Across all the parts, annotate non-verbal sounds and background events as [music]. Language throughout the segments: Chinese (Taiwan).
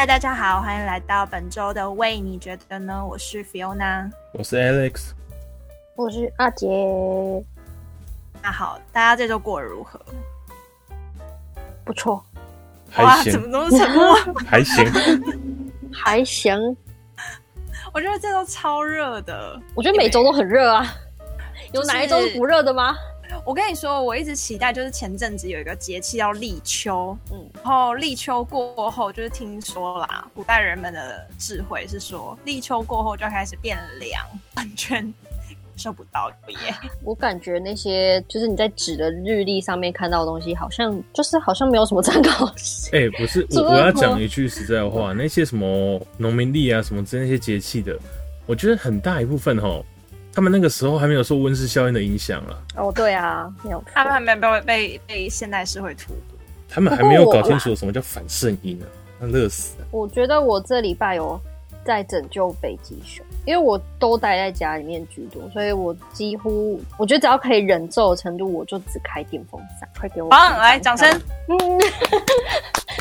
嗨，大家好，歡迎來到本週的《喂，你覺得呢》。我是 Fiona，我是 Alex，我是阿杰。那好，大家這週過得如何？不錯，還行哇。怎麼都是沉默？ [laughs] 還行， [laughs] [laughs] 還行。我覺得這週超熱的。我覺得每週都很熱啊，對就是，有哪一週是不熱的嗎？我跟你說，我一直期待，就是前陣子有一個節氣叫立秋，嗯。然後立秋過後，就是聽說啦，古代人們的智慧是說，立秋過後就開始變涼，完全受不到。我感覺那些就是你在紙的日曆上面看到的東西，好像就是好像沒有什麼參考性。哎、欸，不是，我我要講一句實在的話， [laughs] 那些什麼農民曆啊，什麼那些節氣的，我覺得很大一部分哈，他們那個時候還沒有受溫室效應的影響了。哦，對啊，沒有，他們還沒有被被被現代社會荼毒。他們還沒有搞清楚什麼叫反聖嬰呢，啊，那樂死！我覺得我這禮拜有在拯救北極熊，因為我都待在家裡面居多，所以我幾乎我覺得只要可以忍受的程度，我就只開電風扇。快給我風好來後掌聲聲！嗯，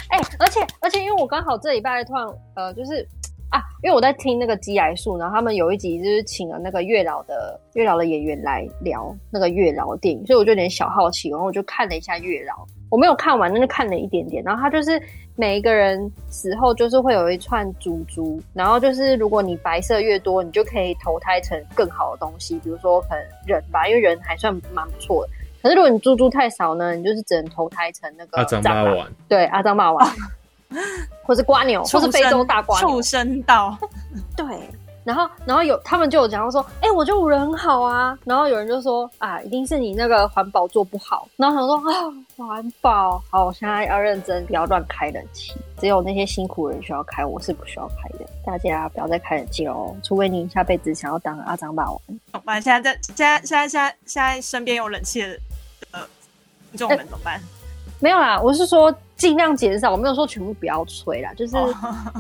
哎、 [laughs] 欸，而且而且，因為我剛好這禮拜突然呃，就是啊，因為我在聽那個《雞癌樹》，然後他們有一集就是請了那個月老的月老的演員來聊那個月老的電影，所以我就有點小好奇，然後我就看了一下月老。我沒有看完，那就看了一點點。然後它，就是每一個人死後，就是會有一串珠珠。然後就是如果你白色越多，你就可以投胎成更好的東西，比如說可能人吧，因為人還算蠻不錯的。可是如果你珠珠太少呢，你就是只能投胎成那個阿髒馬王，啊、長媽媽對，阿髒馬王。啊、或是蝸牛，或是非洲大蝸牛畜，畜生道， [laughs] 對。然後，然後有他們就有講到說：“哎、欸，我覺得我人很好啊。”然後有人就說：“啊，一定是你那個環保做不好。”然後他說：“啊，環保好，我現在要認真，不要亂開冷氣。只有那些辛苦的人需要開，我是不需要開的。大家不要再開冷氣哦，除非你下輩子想要當阿張霸王，在在呃、我怎麼辦？現在在現在現在現在現在身邊有冷氣的聽眾們怎麼辦？沒有啦，我是說。”盡量減少，我沒有說全部不要催啦，就是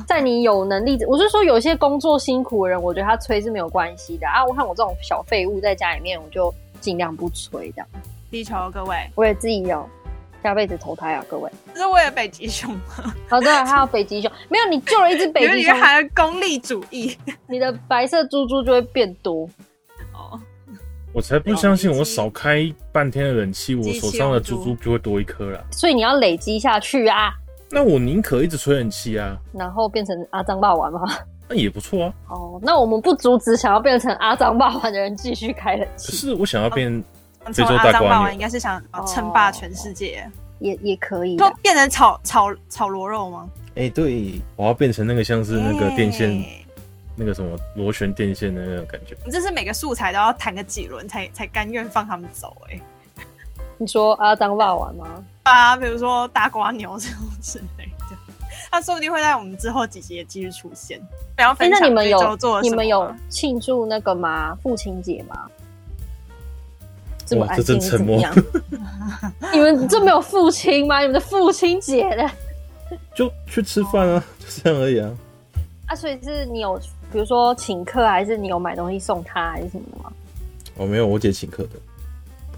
在你有能力，oh. 我是說有些工作辛苦的人，我覺得他催是沒有關係的啊。我看我這種小廢物在家裡面，我就盡量不催這樣。地球，各位，我也自己有下輩子投胎啊，各位，這是為了北極熊，oh, 對啊、熊。好的，還有北極熊，沒有你救了一只北極熊，你像功利主義， [laughs] 你的白色珠珠就會變多。我才不相信，我少開半天的冷氣，器我手上的珠珠就會多一顆了。所以你要累積下去啊！那我寧可一直吹冷氣啊！然後變成阿張霸王嗎？那也不錯啊。哦，那我們不阻止想要變成阿張霸王的人繼續開冷氣。可是我想要變非洲大蝸牛，變成阿張霸王應該是想稱霸全世界、哦，也也可以。就變成炒炒炒螺肉嗎？哎、欸，對，我要變成那個像是那個電線。欸那個什麼螺旋電線的那種感覺，你這是每個素材都要談個幾輪才才甘願放他們走哎、欸？你說阿、啊、當霸王嗎？啊，比如說大蝸牛這種之類的，他、啊、說不定會在我們之後幾集也繼續出現。然後，你們有你,你們有慶祝那個嗎？父親節嗎？這麼安靜，沉默。 [laughs] 你們這沒有父親嗎？你們的父親節的， [laughs] 就去吃飯啊，就這樣而已啊。啊，所以是你有，比如說請客，還是你有買東西送他，還是什麼的嗎？哦，沒有，我姐請客的，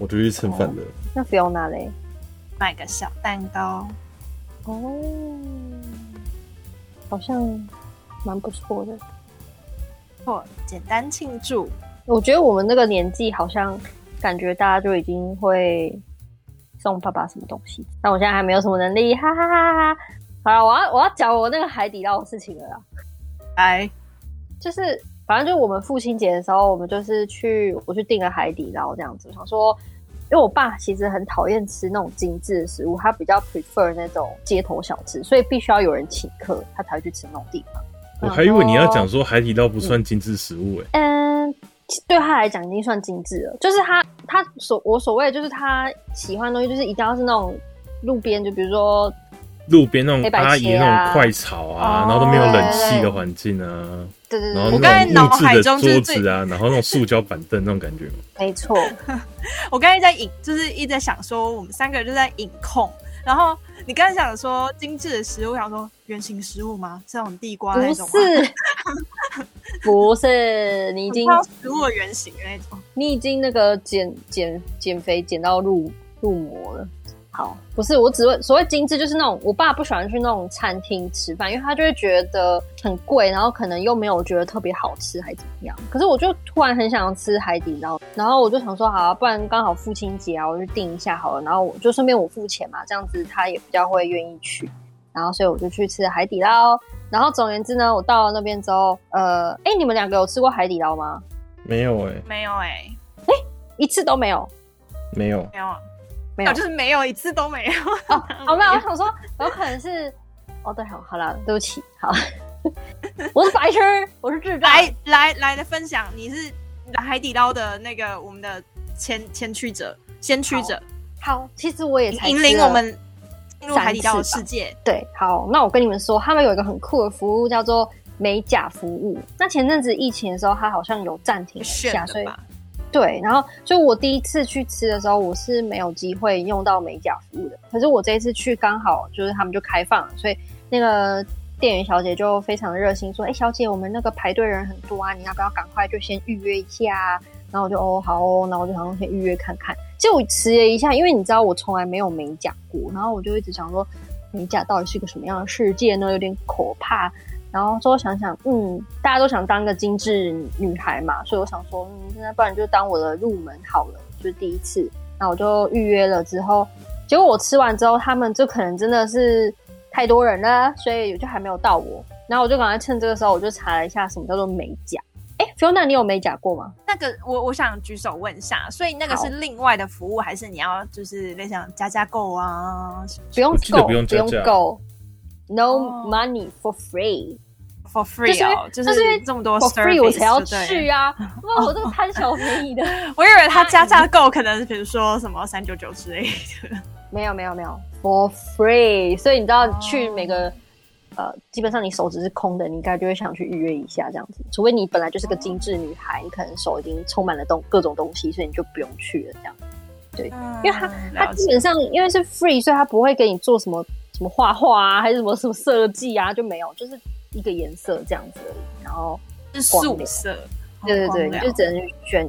我就去蹭飯的。哦，那 Fiona 咧？買個小蛋糕？哦，好像蠻不錯的，錯，哦，簡單慶祝。我覺得我們那個年紀好像感覺大家就已經會送爸爸什麼東西，但我現在還沒有什麼能力，哈哈哈，哈！哈好了，我要我要講我那個海底撈的事情了啦。哎，就是，反正就是我們父親節的時候，我們就是去，我去訂個海底撈這樣子，我想說，因為我爸其實很討厭吃那種精緻的食物，他比較 prefer 那種街頭小吃，所以必須要有人請客，他才會去吃那種地方。我還以為你要講說海底撈不算精緻食物，哎、嗯，嗯，對他來講已經算精緻了，就是他他所我所謂就是他喜歡的東西，就是一定要是那種路邊，就比如說。路邊那種阿姨那種快炒啊，啊然後都沒有冷氣的環境啊，對對對，然後那種木質的桌子啊，然後那種塑膠板凳那種感覺，沒錯錯。 [laughs] 我剛才在飲，就是一直在想說，我們三個人就在飲控。然後你剛才想說精致的食物，想說原型食物嗎？這種地瓜那種嗎？不是， [laughs] 不是。你已經食物原型的那種，你已經那個減減減肥減到入入魔了。不是，我只會所謂精致，就是那種我爸不喜歡去那種餐廳吃飯，因為他就會覺得很貴，然後可能又沒有覺得特別好吃，還怎麼樣？可是我就突然很想要吃海底撈，然後我就想說，好啊，不然剛好父親節啊，我就訂一下好了，然後我就順便我付錢嘛，這樣子他也比較會願意去，然後所以我就去吃海底撈。然後總而言之呢，我到了那邊之後，呃，哎，你們兩個有吃過海底撈嗎？沒有哎，沒有哎，哎，一次都沒有，沒有，沒有，沒有啊。沒有，就是沒有一次都沒有。好，那我想說，有 [laughs] 可能是……哦、oh，對，好好了，對不起，好。 [laughs] 我是白痴，我是智障。 [laughs] 來來來的分享，你是海底撈的那個我們的前前驅者、先驅者好。好，其實我也才引領我們進入海底撈的世界。對，好，那我跟你們說，他們有一個很酷的服務，叫做美甲服務。那前陣子疫情的時候，他好像有暫停一下，所對，然後就我第一次去吃的時候，我是沒有機會用到美甲服務的。可是我這一次去剛好就是他們就開放了，所以那個店員小姐就非常的熱心，說：“哎，小姐，我們那個排隊人很多啊，你要不要趕快就先預約一下啊？”然後我就哦好哦，然後我就想先預約看看。就我遲疑了一下，因為你知道我從來沒有美甲過，然後我就一直想說，美甲到底是個什麼樣的世界呢？有點可怕。然後之後想想，嗯，大家都想當個精緻女孩嘛，所以我想說，嗯，現在不然就當我的入門好了，就是第一次。那我就預約了之後，結果我吃完之後，他們就可能真的是太多人了，所以就還沒有到我。然後我就趕快趁這個時候，我就查了一下什麼叫做美甲。哎，Fiona，你有美甲過嗎？那個我我想舉手問下，所以那個是另外的服務，好還是你要就是類似加加購啊，不用購，不用購？No money for free、oh, for free 啊！就是因為這麼多 for free 我才要去啊！哇， [laughs] 我都貪小便宜的。 [laughs] 我以為他加價購，可能是比如說什麼三九九之類的。沒有沒有沒有 for free，所以你知道去每個、oh. 呃、基本上你手指是空的，你應該就會想去預約一下這樣子。除非你本來就是個精致女孩，oh. 你可能手已經充滿了東各種東西，所以你就不用去了這樣子。對，uh, 因為他解他基本上因為是 free，所以他不會給你做什麼。什麼畫畫啊，還是什麼什麼設計啊，就沒有，就是一個顏色這樣子而已。然後是素色，對對對，你就只能選。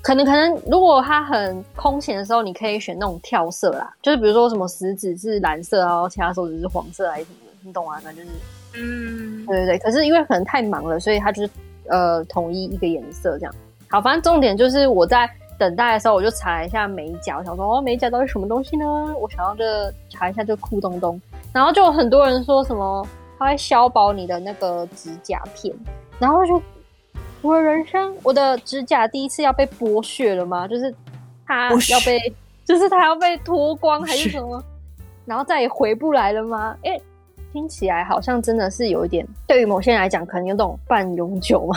可能可能，如果他很空閒的時候，你可以選那種跳色啦，就是比如說什麼食指是藍色，然後其他手指是黃色還是什麼的，你懂啊？反正就是，嗯，對對對。可是因為可能太忙了，所以他就是呃，統一一個顏色這樣。好，反正重點就是我在。等待的時候，我就查一下美甲，我想說哦，美甲到底什麼東西呢？我想要這查一下這個酷東東，然後就有很多人說什麼，它會削薄你的那個指甲片，然後就我的人生，我的指甲第一次要被剝削了嗎？就是它要被，哦、噓就是它要被脫光還是什麼？噓然後再也回不來了嗎？哎，聽起來好像真的是有一點，對於某些人來講，可能有那種半永久嘛。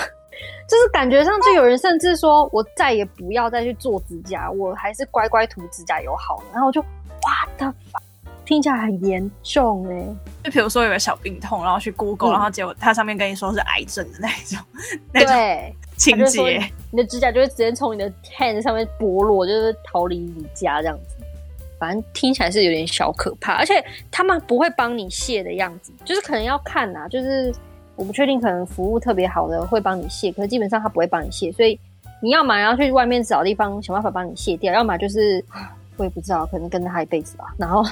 就是感覺上，就有人甚至說我再也不要再去做指甲，我還是乖乖塗指甲油好了。然後我就，What the fuck，聽起來很嚴重哎欸。就比如說有個小病痛，然後去 Google，嗯，然後結果他上面跟你說是癌症的那一種，對，那一種情節。你的指甲就會直接從你的 hand 上面剝落，就是逃離你家這樣子。反正聽起來是有點小可怕，而且他們不會幫你卸的樣子，就是可能要看啊，就是。我不確定，可能服務特別好的會幫你卸，可是基本上他不會幫你卸，所以你要嘛要去外面找地方想辦法幫你卸掉，要嘛就是我也不知道，可能跟着他一輩子吧。然後，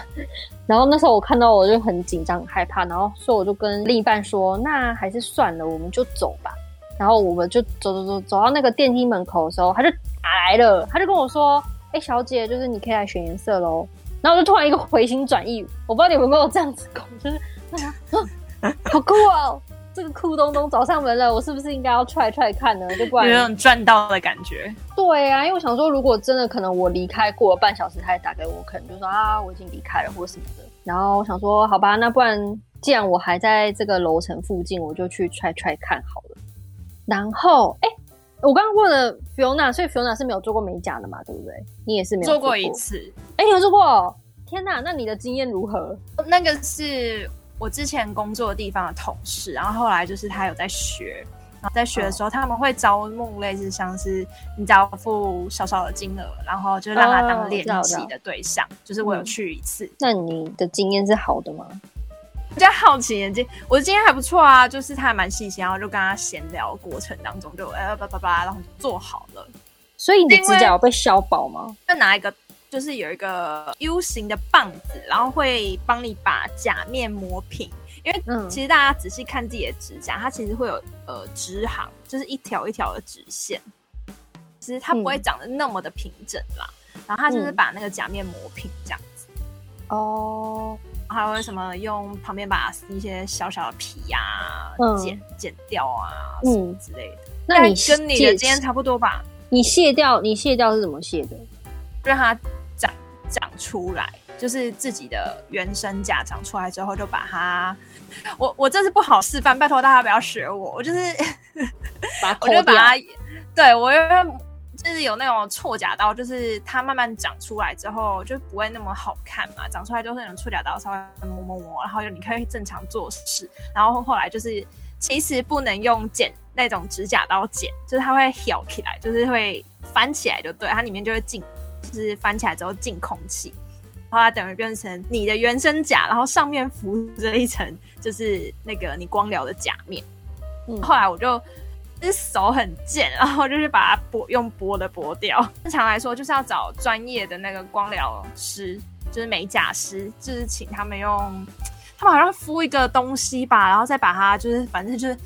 然後那時候我看到我就很緊張很害怕，然後所以我就跟另一半說：“那還是算了，我們就走吧。”然後我們就走走走走到那個電梯門口的時候，他就打來了，他就跟我說：“哎，欸、小姐，就是你可以來選顏色嘍。”然後我就突然一個回心轉意，我不知道你們有沒有這樣子過，就是，呵呵好酷啊、哦！這個酷東東找上門了，我是不是應該要踹踹看呢？就不然有種賺到的感覺。對啊，因為我想說，如果真的可能我離開過了半小時，他還打給我，我可能就說啊我已經離開了或什麼的。然後我想說，好吧，那不然既然我還在這個樓層附近，我就去踹踹看好了。然後哎，我剛剛問了 Fiona，所以 Fiona 是沒有做過美甲的嘛？對不對？你也是沒有過做過一次？哎，有做過！天哪，那你的經驗如何？那個是。我之前工作的地方的同事，然後後來就是他有在學，然後在學的時候，哦、他們會招募，類似像是你只要付小小的金額，然後就讓他當練習的對象。哦、就是我有去一次、嗯。那你的經驗是好的嗎？比較好奇。我的經驗還不錯啊，就是他還蠻細心，然後就跟他閒聊過程當中就哎，叭叭叭，然後就做好了。所以你的指甲有被削薄嗎？就拿一個。就是有一個 U 型的棒子，然後會幫你把甲面磨平。因為其實大家仔細看自己的指甲，嗯、它其實會有呃直行，就是一條一條的直線。其實它不會長得那麼的平整啦。嗯、然後它就是把那個甲面磨平這樣子。哦、嗯。還有什麼用旁邊把一些小小的皮呀、啊嗯、剪剪掉啊什麼之類的。那你、嗯、跟你的今天差不多吧？你卸掉，你卸掉是怎麼卸的？對它。長出來就是自己的原生甲長出來之後就把它。我我這是不好示範，拜託大家不要學我，我就是，把他 [laughs] 我就把它，掉對我就是有那種銼甲刀，就是它慢慢長出來之後就不會那麼好看嘛，長出來就是那種銼甲刀稍微磨磨磨，然後就你可以正常做事，然後後來就是其實不能用剪那種指甲刀剪，就是它會挑起來，就是會翻起來，就對，它裡面就會進。就是翻起來之後進空氣，然後它等於變成你的原生甲，然後上面浮着一層就是那個你光療的甲面。嗯，後來我就、就是、手很賤，然後就是把它剝，用剝的剝掉。正常來說，就是要找專業的那個光療師，就是美甲師，就是請他們用，他們好像敷一個東西吧，然後再把它就是反正就是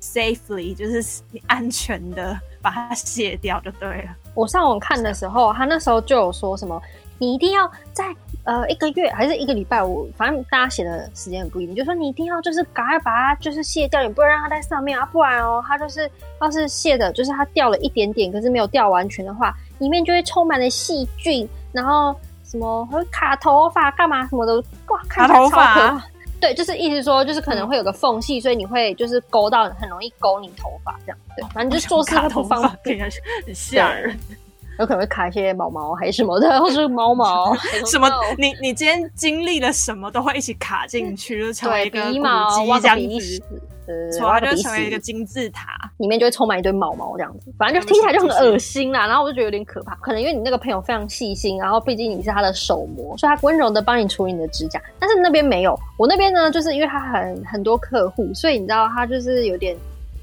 safely 就是安全的把它卸掉就對了。我上網看的時候，他那時候就有說什麼，你一定要在呃一個月還是一個禮拜，我反正大家寫的時間很不一定，你就說你一定要就是趕快把它就是卸掉，你不能讓它在上面啊，不然哦它就是要是卸的，就是它掉了一點點，可是沒有掉完全的話，裡面就會充滿了細菌，然後什麼會卡頭髮幹嘛什麼的，哇，看起來超可怕，卡頭髮。對，就是意思說，就是可能會有個縫隙，嗯、所以你會就是勾到，很容易勾你頭髮這樣。對，反正就是做事不方便，很嚇人。有可能會卡一些毛毛還是什麼的，或者是毛毛 [laughs] 什麼？ [laughs] 你你今天經歷了什麼都會一起卡進去，就成為一個古蹟這樣子，對對、嗯、就成為一個金字塔，嗯、裡面就會充滿一堆毛毛這樣子。反正就聽起來就很噁心啦，然後我就覺得有點可怕。可能因為你那個朋友非常細心，然後畢竟你是他的手模，所以他溫柔的幫你處理你的指甲。但是那邊沒有，我那邊呢，就是因為他很很多客戶，所以你知道他就是有點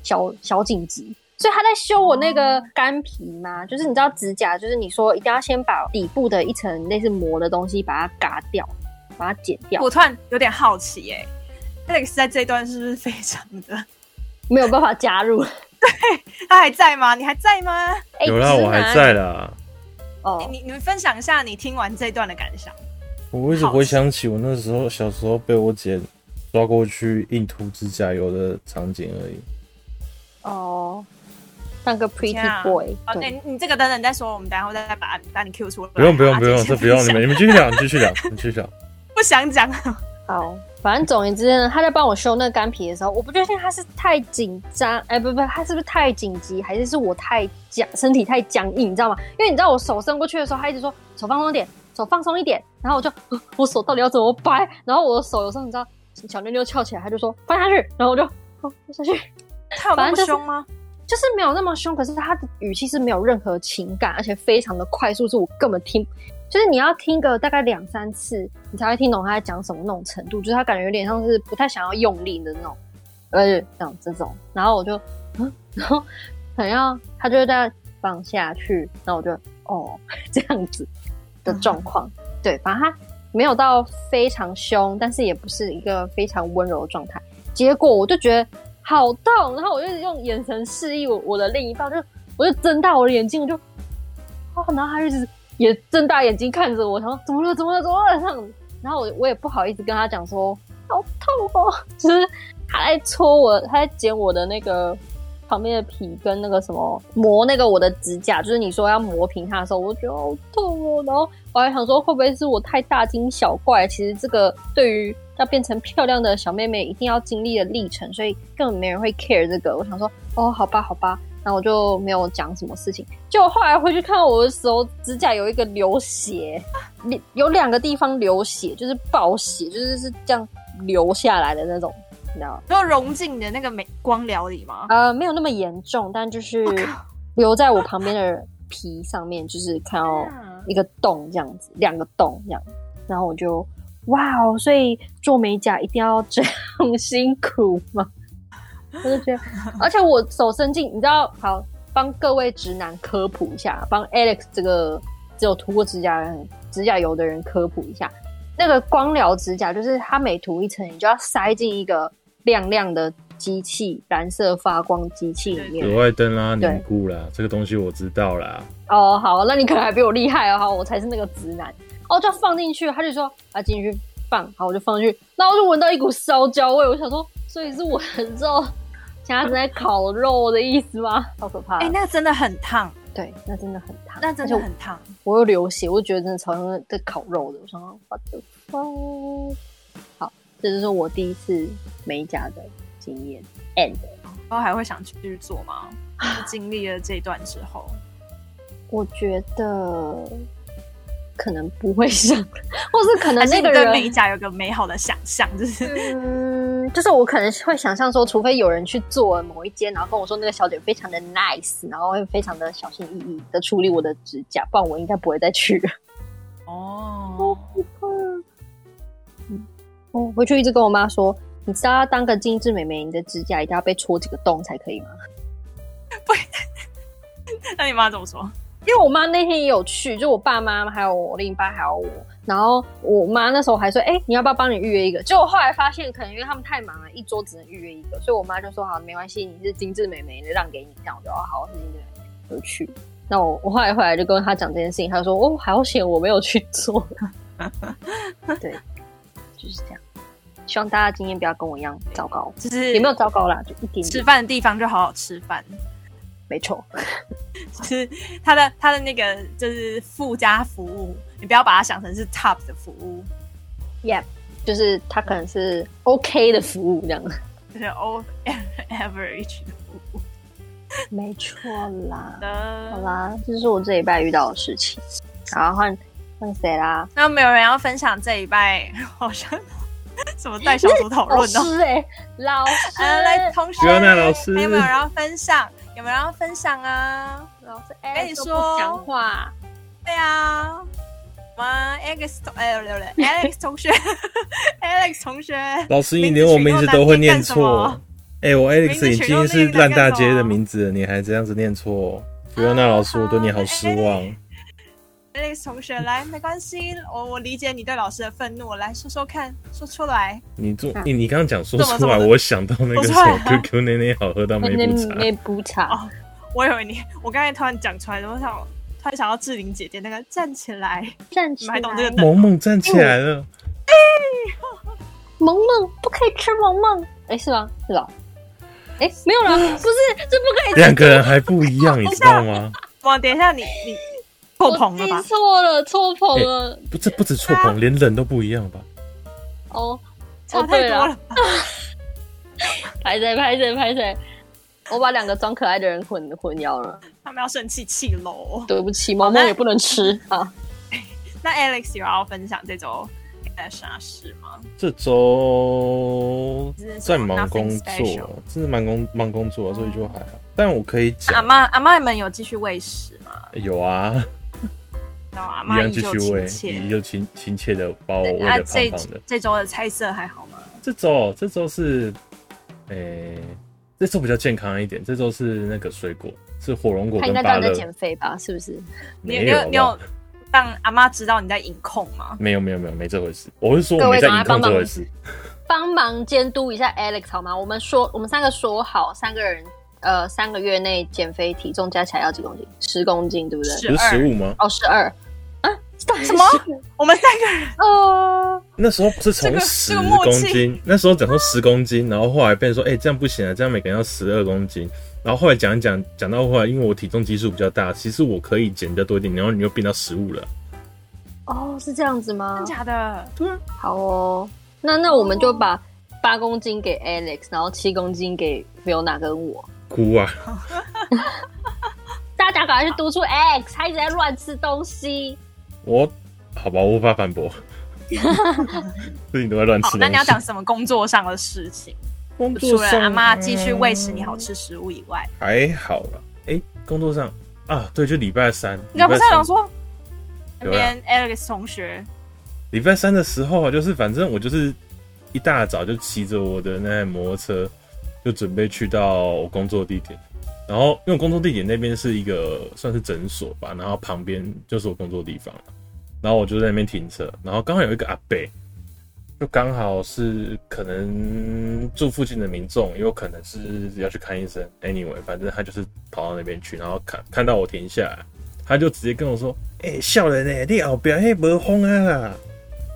小小緊急。所以他在修我那個乾皮嗎？Oh. 就是你知道指甲，就是你說一定要先把底部的一層類似膜的東西把它割掉，把它剪掉。我突然有點好奇、欸，耶 Alex 在這一段是不是非常的沒有辦法加入？ [laughs] 對，他還在嗎？你還在嗎？欸、有啦，知能我還在啦。哦、oh.，你你們分享一下你聽完這段的感想。我為什麼會想起我那時候小時候被我姐抓過去硬塗指甲油的場景而已。哦。Oh. 上個 pretty boy、啊。好對、哦，你這個等等你再說，我們待會再再把把你 Q 出來。不用不用不用，這不用不想你們繼 [laughs] 你們繼續講繼續講，繼續講。不想講講。好，反正總言之呢，他在幫我修那乾皮的時候，我不確定他是太緊張，哎、欸、不不，他是不是太緊急，還是是我太僵，身體太僵硬，你知道嗎？因為你知道我手伸過去的時候，他一直說手放鬆點，手放鬆一點。然後我就我手到底要怎麼掰？然後我的手有時候你知道小妞妞翹起來，他就說放下去。然後我就放下去。他有那麼兇嗎？就是沒有那麼凶，可是他的語氣是沒有任何情感，而且非常的快速，是我根本聽，就是你要聽個大概兩三次，你才會聽懂他在講什麼那種程度。就是他感覺有點像是不太想要用力的那種，而且像這種，然後我就，然後可能要他就在放下去，然後我就哦這樣子的狀況，嗯、哼對，反正他沒有到非常凶，但是也不是一個非常溫柔的狀態。結果我就覺得。好痛！然後我就用眼神示意我我的另一半，就我就睜大我的眼睛，我就啊，然後他就是也睜大眼睛看着我，想說怎麼了？怎麼了？怎麼了？然後我我也不好意思跟他講說好痛哦，就是他在戳我，他在剪我的那個旁邊的皮跟那個什麼磨那個我的指甲，就是你說要磨平它的時候，我就覺得好痛哦。然後我還想說會不會是我太大驚小怪？其實這個對於。要變成漂亮的小妹妹，一定要經歷的歷程，所以根本沒人會 care 這個。我想說，哦，好吧，好吧，然後我就沒有講什麼事情。結果後來回去看到我的時候，指甲有一個流血，有兩個地方流血，就是暴血，就是是這樣流下來的那種，你知道嗎？都融進你的那個美光療裡嗎？呃，沒有那麼嚴重，但就是留在我旁邊的皮上面，就是看到一個洞這樣子，兩個洞這樣，然後我就。哇哦！Wow, 所以做美甲一定要這樣 [laughs] 辛苦嗎？我就覺、是、得， [laughs] 而且我手伸進，你知道，好幫各位直男科普一下，幫 Alex 這個只有塗過指甲指甲油的人科普一下，那個光療指甲就是它每塗一層，你就要塞進一個亮亮的機器，藍色發光機器裡面，紫外燈啦、啊，凝固對啦，這個東西我知道啦。哦，好，那你可能還比我厲害啊！好，我才是那個直男。哦，就要放進去，他就說：“啊，進去放。”好，我就放進去，然後我就聞到一股燒焦味，我想說，所以是我的知道，現他只在烤肉的意思嗎？好可怕！哎、欸，那真的很燙，對，那真的很燙，那真的很燙，我，我又流血，我覺得真的超像在烤肉的。我剛抖。好，這就是我第一次美甲的經驗，end。然後還會想繼續做嗎？ [laughs] 經歷了這一段之後，我覺得。可能不會想，或是可能那個人是對美甲有個美好的想象，就是、嗯，就是我可能會想象說，除非有人去做某一間，然後跟我說那個小姐非常的 nice，然後會非常的小心翼翼的處理我的指甲，不然我應該不會再去。哦，好可怕！嗯，哦、我回去一直跟我媽說，你知道要當個精致美眉，你的指甲一定要被戳幾個洞才可以嗎？不會， [laughs] 那你媽怎麼說？因為我媽那天也有去，就我爸媽還有我另一半，還有我。然後我媽那時候還說：“哎、欸，你要不要幫你預約一個？”結果我後來發現，可能因為他們太忙了，一桌只能預約一個，所以我媽就說：“好，沒關係，你是精致美眉的，讓給你。”這樣我就哦，好，是精致美眉去。那我我後來後來就跟她講這件事情，她就說：“哦，好險我沒有去做。” [laughs] 對，就是這樣。希望大家今天不要跟我一樣糟糕，就這是有沒有糟糕啦，就一點，點吃飯的地方就好好吃飯。沒錯， [laughs] 就是他的他的那個就是附加服務，你不要把它想成是 top 的服務，yeah，就是他可能是 OK 的服務這樣就是 O and average 的服務，沒錯啦。Uh, 好啦，這、就是我這禮拜遇到的事情。好，換換誰啦？那沒有人要分享這禮拜？好像什麼帶小組討論哦，哎、 [laughs] 欸，老師，呃、來，同學，ah、還有沒有人要分享？我們要分享啊，老師，Alex 不講話。對啊，什麼 Alex 同？哎，劉磊，Alex 同學，Alex 同學，老師，你連我名字都會念錯，哎，我 Alex 已經是爛大街的名字，你還這樣子念錯，Fiona 老師，我對你好失望。Alex 同學，來，沒關係，我我理解你對老師的憤怒。來說說看，說出來。你做、啊欸、你你剛剛講說出來，我想到那個 QQ 奶奶好喝到沒、啊、沒補茶、哦。我以為你，我剛才突然講出來，然後想突然想到志玲姐姐那個站起來，站起來，萌萌站起來了。哎、嗯欸，萌萌不可以吃萌萌，哎、欸、是嗎？是吧？哎、欸、沒有了，嗯、不是這不可以。兩個人還不一樣，你知道嗎？哇，等一下你你。你錯捧了吧？錯了，錯捧了。不、欸，這不止錯捧，連人都不一樣吧？哦、啊，差太多了吧。拍在拍誰？拍誰？ [laughs] 我把兩個裝可愛的人混混淆了。他們要生氣氣嘍？對不起，媽媽也不能吃啊。 [laughs] 那 Alex 有要分享這週幹啥事嗎？這週在忙工作，真的忙工忙工作、啊，所以就還好。嗯、但我可以講、啊啊。阿媽阿嬤們有繼續餵食嗎？有啊。媽就親切，你就親親切的把我餵的胖胖的。這週的菜色還好嗎？這週這週是，誒、欸，這週比較健康一點。這週是那個水果，是火龍果跟芭樂。應該在減肥吧？是不是？你有你有你有好好讓阿媽知道你在飲控嗎？ [laughs] 沒有沒有沒有沒這回事。我是說我在飲控這回事。幫忙監 [laughs] 督一下 Alex 好嗎？我們說我們三個說好，三個人。呃，三個月內減肥體重加起來要幾公斤？十公斤，對不對？十十五嗎？哦，十二。啊？什麼？ [laughs] 我們三個人、呃？哦。那時候不是從十公斤，那時候講說十公斤，然後後來變成說，哎、欸，這樣不行啊，這樣每個人要十二公斤。然後後來講講講到後來，因為我體重基數比較大，其實我可以減的多一點。然後你又變到十五了。哦，是這樣子嗎？真的假的？嗯，好哦。那那我們就把八公斤給 Alex，然後七公斤給 Fiona 跟我。哭啊！ [laughs] 大家趕快去督促 Alex，他好、欸、一直在亂吃東西。我好吧，無法反駁。最 [laughs] 近都在亂吃。那你要講什麼工作上的事情？工作上啊、除了阿媽繼續餵食你好吃食物以外，還好了哎、欸，工作上啊，對，就禮拜三。你剛才想說，邊啦 Alex 同學，禮拜三的時候，就是反正我就是一大早就騎着我的那台摩托車。就準備去到我工作地點，然後因為我工作地點那邊是一個算是診所吧，然後旁邊就是我工作地方，然後我就在那邊停車，然後剛好有一個阿伯，就剛好是可能住附近的民眾，也有可能是要去看醫生。Anyway，反正他就是跑到那邊去，然後看看到我停下來，他就直接跟我說：“哎、欸，笑人哎、欸，你後面那沒風啊，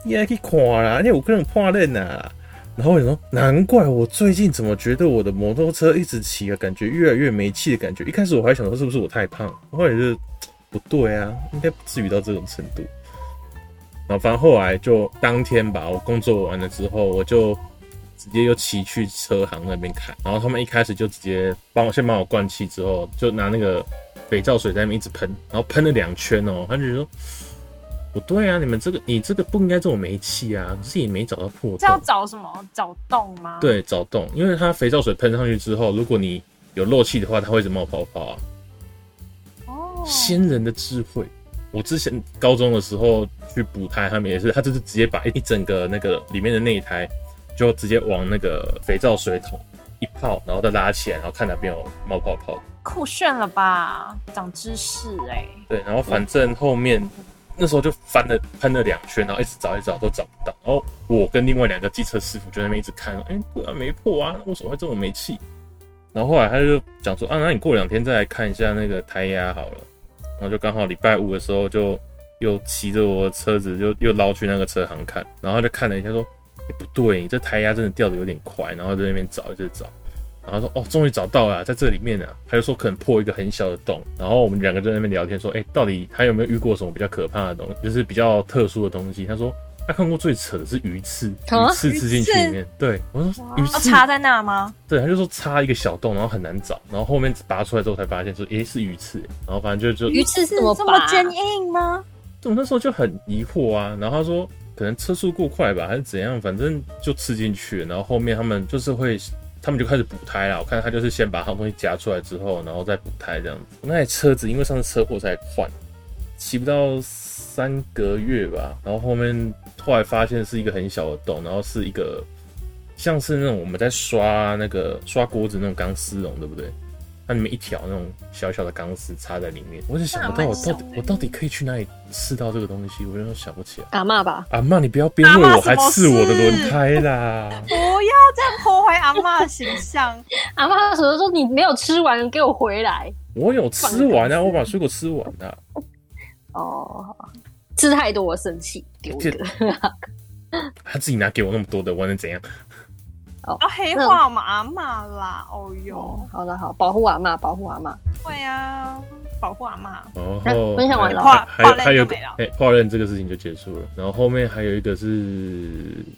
你要去看啦，你有可能判認吶。”然後我想說，難怪我最近怎麼覺得我的摩托車一直騎啊，感覺越來越沒氣的感覺。一開始我還想說是不是我太胖，後來就不對啊，應該不至於到這種程度。然後反正後來就當天吧，我工作完了之後，我就直接又騎去車行那邊看。然後他們一開始就直接幫我先幫我灌氣，之後就拿那個肥皂水在那邊一直噴，然後噴了兩圈哦，他就說不對啊，你們這個你這個不應該這種霉氣啊，可是也沒找到破洞。這要找什麼？找洞嗎？對，找洞，因為它肥皂水噴上去之後，如果你有漏氣的話，它會一直冒泡泡啊。哦。先人的智慧，我之前高中的時候去補胎，他們也是，他就是直接把一整個那個裡面的內胎，就直接往那個肥皂水桶一泡，然後再拉起來，然後看哪邊有冒泡泡。酷炫了吧？長知識哎、欸。對，然後反正後面。那時候就翻了噴了兩圈，然後一直找一找都找不到。然後我跟另外兩個機車師傅就在那邊一直看，哎，不然沒破啊，為什麼會這麼沒氣？然後後來他就講說，啊，那你過兩天再來看一下那個胎壓好了。然後就剛好禮拜五的時候就又騎着我的車子就又，又撈去那個車行看，然後就看了一下說，誒不對，你這胎壓真的掉的有點快。然後就在那邊找一直找。然後說哦，終於找到了，啊，在這裡面呢、啊。他就說可能破一個很小的洞。然後我們兩個就在那邊聊天說，哎，到底還有沒有遇過什麼比較可怕的東西，就是比較特殊的東西？他說他、啊、看過最扯的是魚刺，魚刺刺進去裡面。啊、對，我說哇魚刺插、啊、在那嗎？對，他就說插一個小洞，然後很難找，然後後面拔出來之後才發現說，誒，是魚刺、欸。然後反正就就魚刺是怎麼這麼堅硬嗎？就我那時候就很疑惑啊。然後他說可能車速過快吧，還是怎樣，反正就刺進去。然後後面他們就是會。他們就開始補胎了。我看他就是先把好東西夾出來之後，然後再補胎這樣子。那台車子因為上次車禍才換，騎不到三個月吧。然後後面後來發現是一個很小的洞，然後是一個像是那種我們在刷那個刷鍋子那種鋼絲絨，對不對？那裡面一條那種小小的鋼絲插在裡面，我就想不到我到底、欸、我到底可以去哪裡刺到這個東西，我有點想不起來。阿媽吧，阿媽，你不要逼問我，還刺我的輪胎啦！不要再破壞阿媽的形象。 [laughs] 阿媽什麼時候你沒有吃完，給我回來。我有吃完啊，我把水果吃完了哦，吃太多我生氣。丟了。欸、 [laughs] 他自己拿給我那麼多的，我能怎樣？哦，黑化阿媽啦！哦喲、嗯哦、好的好，保護阿媽，保護阿媽。對啊，保護阿媽。哦後，分享完了，還有還有，哎，破爛、欸、這個事情就結束了。然後後面還有一個是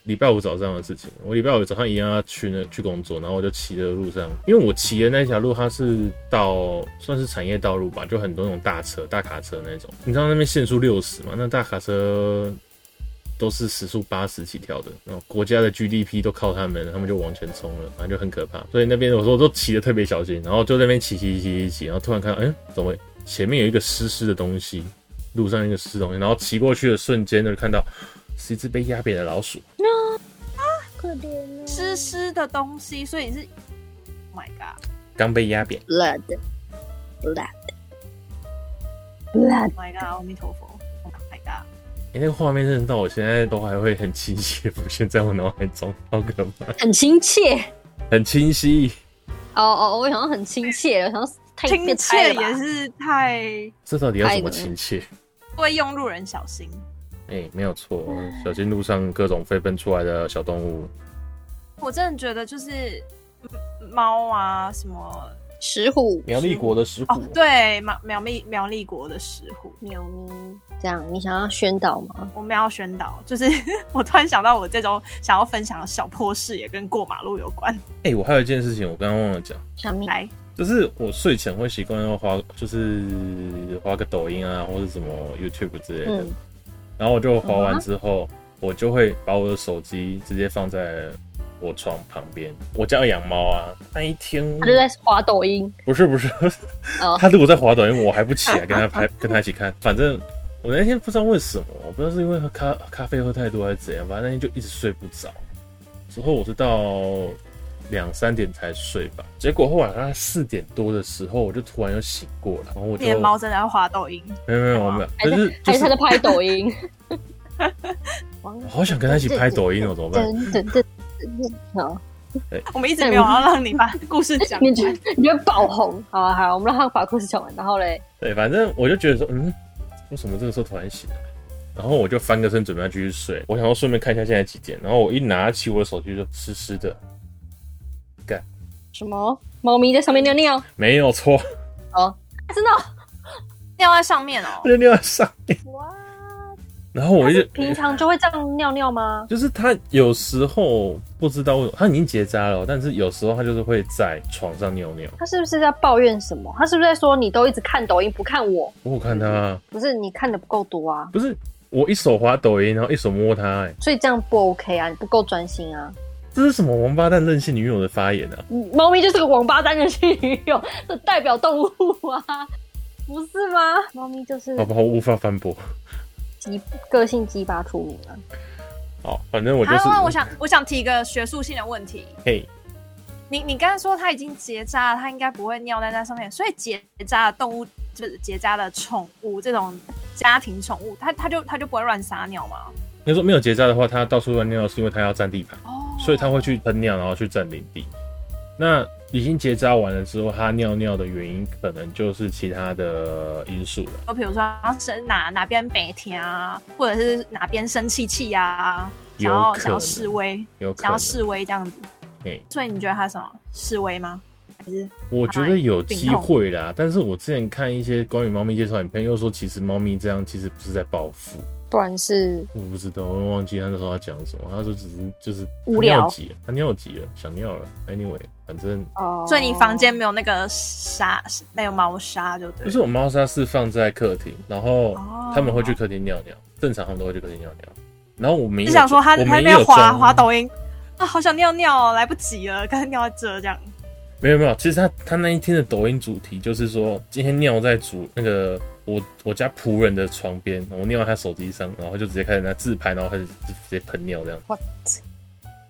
禮拜五早上的事情，我禮拜五早上一樣要去那去工作，然後我就騎的路上，因為我騎的那條路它是到算是產業道路吧，就很多那種大車、大卡車那種，你知道那邊限速六十嘛？那大卡車。都是時速八十起跳的，然後國家的 GDP 都靠他們，他們就往前衝了，反正就很可怕。所以那邊我說我都騎得特別小心，然後就在那邊騎騎騎騎騎，然後突然看到，哎、欸，怎麼？前面有一個濕濕的東西，路上一個濕東西，然後騎過去的瞬間就看到是一只被壓扁的老鼠。那啊，可憐。濕濕的東西，所以是，Oh my God！剛被壓扁。Blood, blood, blood! Oh my God! 阿彌陀佛。那個畫面，認到我現在都還會很親切，浮現在我腦海中，好可怕。很親切，很清晰。哦哦、oh, oh,，我好像很親切，好像親切也是太，這到底要怎麼親切？不會用路人小心。哎、欸，沒有錯，小心路上各種飛奔出來的小動物。嗯、我真的覺得就是貓啊什麼。石虎，苗栗國的石虎，石虎哦，對，苗苗立苗栗國的石虎，苗咪，這樣你想要宣導嗎？我們要宣導，就是我突然想到，我這種想要分享的小破事也跟過馬路有關。哎、欸，我還有一件事情，我剛剛忘了講，小咪來，就是我睡前會習慣要滑，就是滑個抖音啊，或者什麼 YouTube 之類的，嗯、然後我就滑完之後，麼我就會把我的手機直接放在。我床旁邊，我家要養貓啊。那一天，他就在滑抖音。不是不是，oh. [laughs] 他如果在滑抖音，我還不起來 [laughs] 跟他拍，跟他一起看。反正我那天不知道為什麼，我不知道是因為喝咖咖啡喝太多還是怎樣，反正那天就一直睡不着。之後我是到兩三點才睡吧。結果後來四點多的時候，我就突然又醒過了。然後我就，貓真的要滑抖音？沒有沒有沒有，可是、就是、還是他在拍抖音。 [laughs] 我好想跟他一起拍抖音哦、喔，怎麼辦？我們一直沒有要讓你把故事講，你覺得你覺得爆紅？好啊，好啊，我們讓他把故事講完，然後嘞，對，反正我就覺得說，嗯，為什麼這個時候突然醒啊？然後我就翻個身準備要繼續睡，我想要順便看一下現在幾點，然後我一拿起我的手機就濕濕的，幹什麼？貓咪在上面尿尿？沒有錯哦，真的哦，尿在上面哦，尿尿在上面。然後我就平常就會這樣尿尿嗎？就是他有時候不知道為什麼他已經結扎了，但是有時候他就是會在床上尿尿。他是不是在抱怨什麼？他是不是在說你都一直看抖音不看我？我看他、啊、不是，你看得不夠多啊。不是我一手滑抖音，然後一手摸他、欸。哎，所以這樣不 OK 啊？你不夠專心啊？這是什麼王八蛋任性女友的發言啊！貓咪就是個王八蛋任性女友，這代表動物啊，不是嗎？貓咪就是……好吧，我無法反駁。個性激發出名了。哦，反正我就是。Hello, 我想，我想提一個學術性的問題。嘿 Hey,，你你剛才說他已經結扎了，他應該不會尿在那上面，所以結扎的動物，就是結扎的寵物，這種家庭寵物，它它就它就不會亂撒尿嘛。你說沒有結扎的話，它到處亂尿是因為它要占地盤哦，oh. 所以它會去噴尿然後去占領地。那已經結扎完了之後，它尿尿的原因可能就是其他的因素了。就比如說他生哪哪邊白天啊，或者是哪邊生氣氣呀，然後想，想要示威，有想要示威這樣子。對、欸，所以你覺得它什麼示威嗎？還是？我覺得有機會啦。但是我之前看一些關於貓咪介紹影片，又說其實貓咪這樣其實不是在報復。不然是我不知道，我忘記他那時候他講什麼。他說只是就是無聊，尿急了，他尿急了，想尿了。Anyway，反正哦，oh. 所以你房間沒有那個沙，那個貓砂，就對。不是，我貓砂是放在客廳，然後他們會去客廳尿尿，oh. 正常他們都會去客廳尿尿。然後我沒，就想說他，啊，他那有滑滑抖音啊，好想尿尿哦，來不及了，剛才尿在這，這樣。沒有沒有，其實他他那一天的抖音主題就是說今天尿在煮那個。我我家僕人的床邊，我尿在他手機上，然後就直接開始拿自拍，然後開始直接噴尿這樣。What?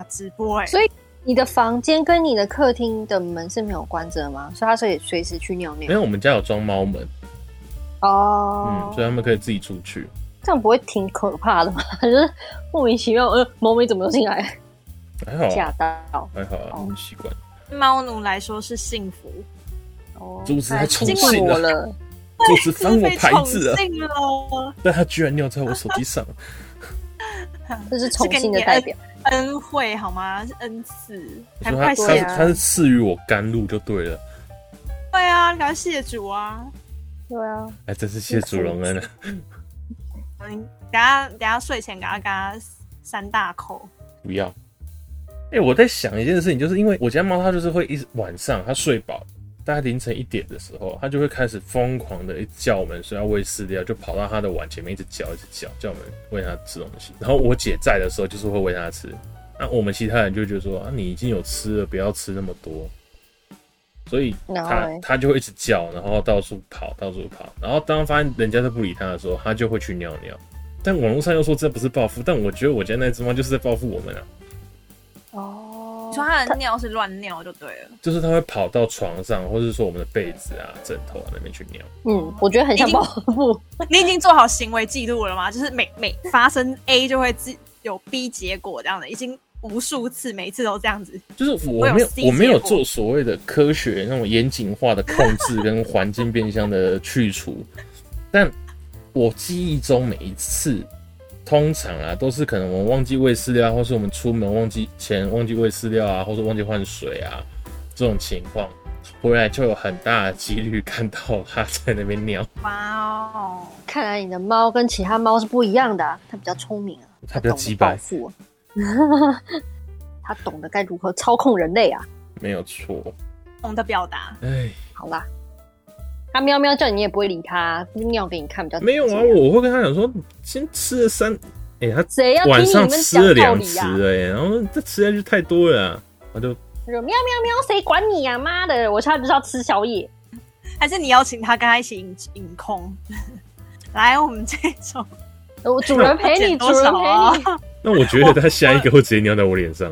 直播，哎、欸！所以你的房間跟你的客廳的門是沒有關着的嗎？所以它可以隨時去尿尿？因為我們家有裝貓門哦、oh, 嗯，所以他們可以自己出去。這樣不會挺可怕的嗎？就 [laughs] 是莫名其妙，呃，貓咪怎麼都進來？還好，假的，還好啊，習慣。貓奴來說是幸福哦，如此寵幸了。哎就是翻我牌子啊！但它居然尿在我手機上，這是寵幸的代表恩惠好嗎？是恩賜，他是他是賜予我甘露就對了。對啊，感謝主啊！對啊，哎、欸，真是謝主隆恩。 [laughs] [laughs] 你等下等下睡前給，給它給他三大口。不要。哎、欸，我在想一件事情，就是因為我家貓它就是會一直晚上它睡飽。大概凌晨一點的時候，它就會開始瘋狂的一直叫我們說要餵飼料，就跑到它的碗前面一直叫，一直叫，叫我們餵它吃東西。然後我姐在的時候就是會餵它吃，那我們其他人就覺得說啊，你已經有吃了，不要吃那麼多。所以它它 No way. 就會一直叫，然後到處跑，到處跑。然後當發現人家都不理它的時候，它就會去尿尿。但網絡上又說這不是報復，但我覺得我家那隻貓就是在報復我們啊。哦。Oh. 說它的尿是亂尿就對了，它就是它會跑到床上，或者是說我們的被子啊、枕頭啊那邊去尿。嗯，我覺得很像報復。你已經做好行為記錄了嗎？就是每每發生 A 就會自有 B 結果這樣的，已經無數次，每一次都這樣子。就是我沒有，我沒有做所謂的科學那種嚴謹化的控制跟環境變相的去除， [laughs] 但我記憶中每一次。通常啊，都是可能我們忘記餵飼料，或是我們出門忘記錢，忘記餵飼料啊，或是忘記換水啊，這種情況，不然就有很大的幾率看到它在那邊尿。哇哦，看來你的貓跟其他貓是不一樣的啊，它比較聰明啊，它比較暴富，它懂得該、啊、 [laughs] 如何操控人類啊，沒有錯，懂得表達，哎唉，好吧。啊、喵喵叫你，你，也不會理他，、啊，尿給你看不到。沒有啊，我會跟他講說，先吃了三，哎、欸，他誰要聽你晚上，吃了兩次，哎、啊，然後這吃下去太多了、啊，我就喵喵喵，誰管你呀、啊？媽的，我現在不是要吃宵夜，還是你邀請他，跟他一起飲飲空？ [laughs] 來，我們這一種，我主人陪你，啊、主人陪你， [laughs] 那我覺得他下一個會直接尿在我臉上。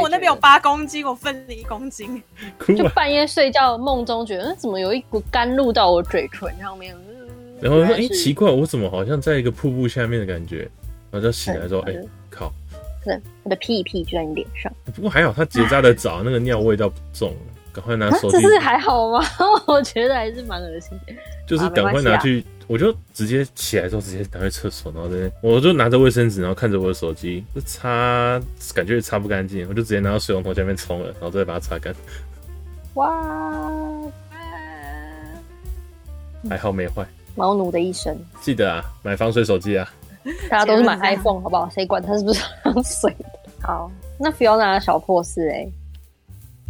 我那邊有八公斤，我分了一公斤。啊、就半夜睡覺，夢中覺得、嗯、怎麼有一股甘露到我嘴唇上面，嗯、然後說：“哎是、欸，奇怪，我怎麼好像在一個瀑布下面的感覺？”然後就醒來說：“哎，靠，是他的屁屁就在你臉上。”不過還好他結紮的早， [laughs] 那個尿味道不重。趕快拿手機，這是還好嗎？ [laughs] 我覺得還是蠻噁心的，就是趕快拿去、啊。我就直接起來之後，直接拿去廁所，然後在，我就拿着衛生紙，然後看着我的手機，就擦，感覺也擦不乾淨，我就直接拿到水龍頭下面沖了，然後再把它擦乾。哇，What? 還好沒壞、嗯。毛奴的一生記得啊，買防水手機啊。大家都是買 iPhone，好不好？誰管它是不是防水？ [laughs] 好，那 Fiona 的小破事哎，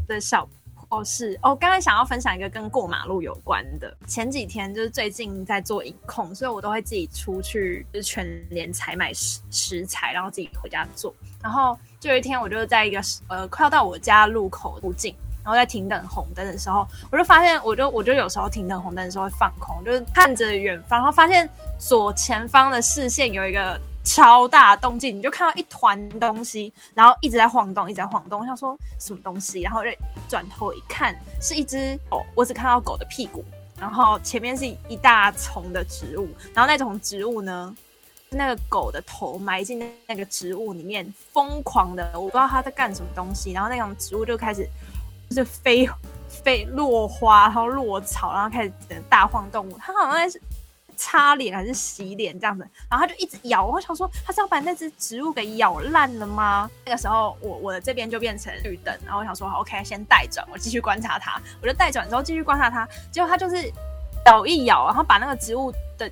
真笑。哦是哦，我剛才想要分享一個跟過馬路有關的。前幾天就是最近在做飲控，所以我都會自己出去，就是全聯採買食食材，然後自己回家做。然後就有一天，我就在一個呃，快要到我家路口附近，然後在停等紅燈的時候，我就發現，我就我就有時候停等紅燈的時候會放空，就是看着遠方，然後發現左前方的視線有一個。超大動靜，你就看到一團東西，然後一直在晃動，一直在晃動。我想說什麼東西，然後轉頭一看，是一只狗。我只看到狗的屁股，然後前面是一大叢的植物。然後那種植物呢，那個狗的頭埋進那個植物裡面，瘋狂的，我不知道他在幹什麼東西。然後那種植物就開始就是飛飛落花，然後落草，然後開始整個大晃動物。它好像在是。擦臉還是洗臉這樣子，然後它就一直咬。我想說，它是要把那只植物給咬爛了嗎？那個時候我，我我的這邊就變成綠燈，然後我想說，好，OK，先待轉，我繼續觀察它。我就待轉之後繼續觀察它，結果它就是咬一咬，然後把那個植物的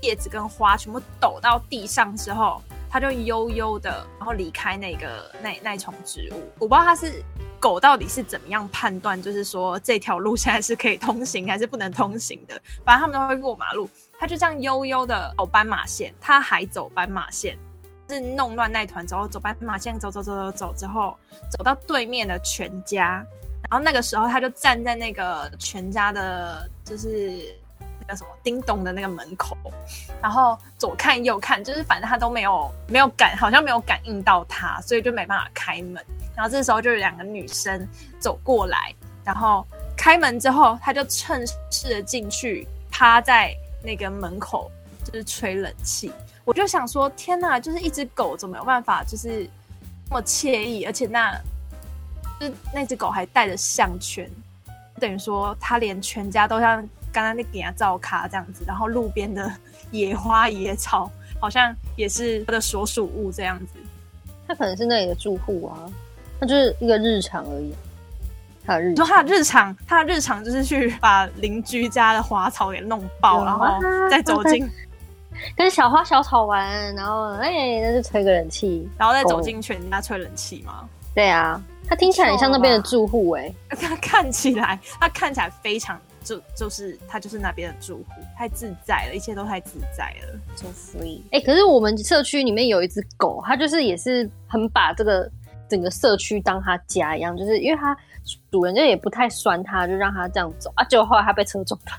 葉子跟花全部抖到地上之後，它就悠悠的，然後離開那個那那叢植物。我不知道它是狗到底是怎麼樣判斷，就是說這條路現在是可以通行還是不能通行的。反正他們都會過馬路。他就這樣悠悠的走斑馬線，他還走斑馬線，是弄亂那一團走走斑馬線，走走走走走之後，走到對面的全家，然後那個時候他就站在那個全家的，就是那個什麼叮咚的那個門口，然後左看右看，就是反正他都沒有沒有感，好像沒有感應到他，所以就沒辦法開門。然後這時候就有兩個女生走過來，然後開門之後，他就趁勢的進去，趴在。那個門口就是吹冷氣，我就想說，天哪，就是一隻狗怎麼有辦法就是那麼愜意，而且那，就是、那隻狗還帶着項圈，等於說它連全家都像剛剛那底下照卡這樣子，然後路邊的野花野草好像也是它的所屬物這樣子，它可能是那裡的住戶啊，它就是一個日常而已。你他，的日，常他的日常，他的日常就是去把鄰居家的花草給弄爆，嗎然後再走進跟小花小草玩，然後哎，那就吹個冷氣，然後再走進全家吹冷氣嗎、哦？對啊，他聽起來很像那邊的住戶哎、欸，他了 [laughs] 看起來，他看起來非常就就是他就是那邊的住戶，太自在了，一切都太自在了哎、欸，可是我們社區裡面有一隻狗，它就是也是很把這個整個社區當它家一樣，就是因為它。主人家也不太拴他就讓他這樣走啊。結果後來他被車撞了。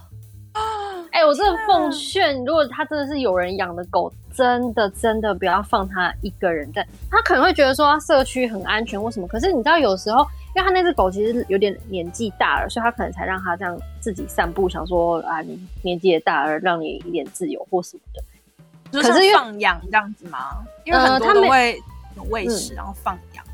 啊、哦！哎、欸，我真的奉勸，啊、如果他真的是有人養的狗，真的真的不要放他一個人。但他可能會覺得說他社區很安全，為什麼？可是你知道，有時候因為他那隻狗其實有點年紀大了，所以他可能才讓他這樣自己散步，想說啊，你年紀也大了，讓你一點自由或什麼的。可是放養這樣子嗎？可是因為，因為很多都會有餵食，呃、然後放養。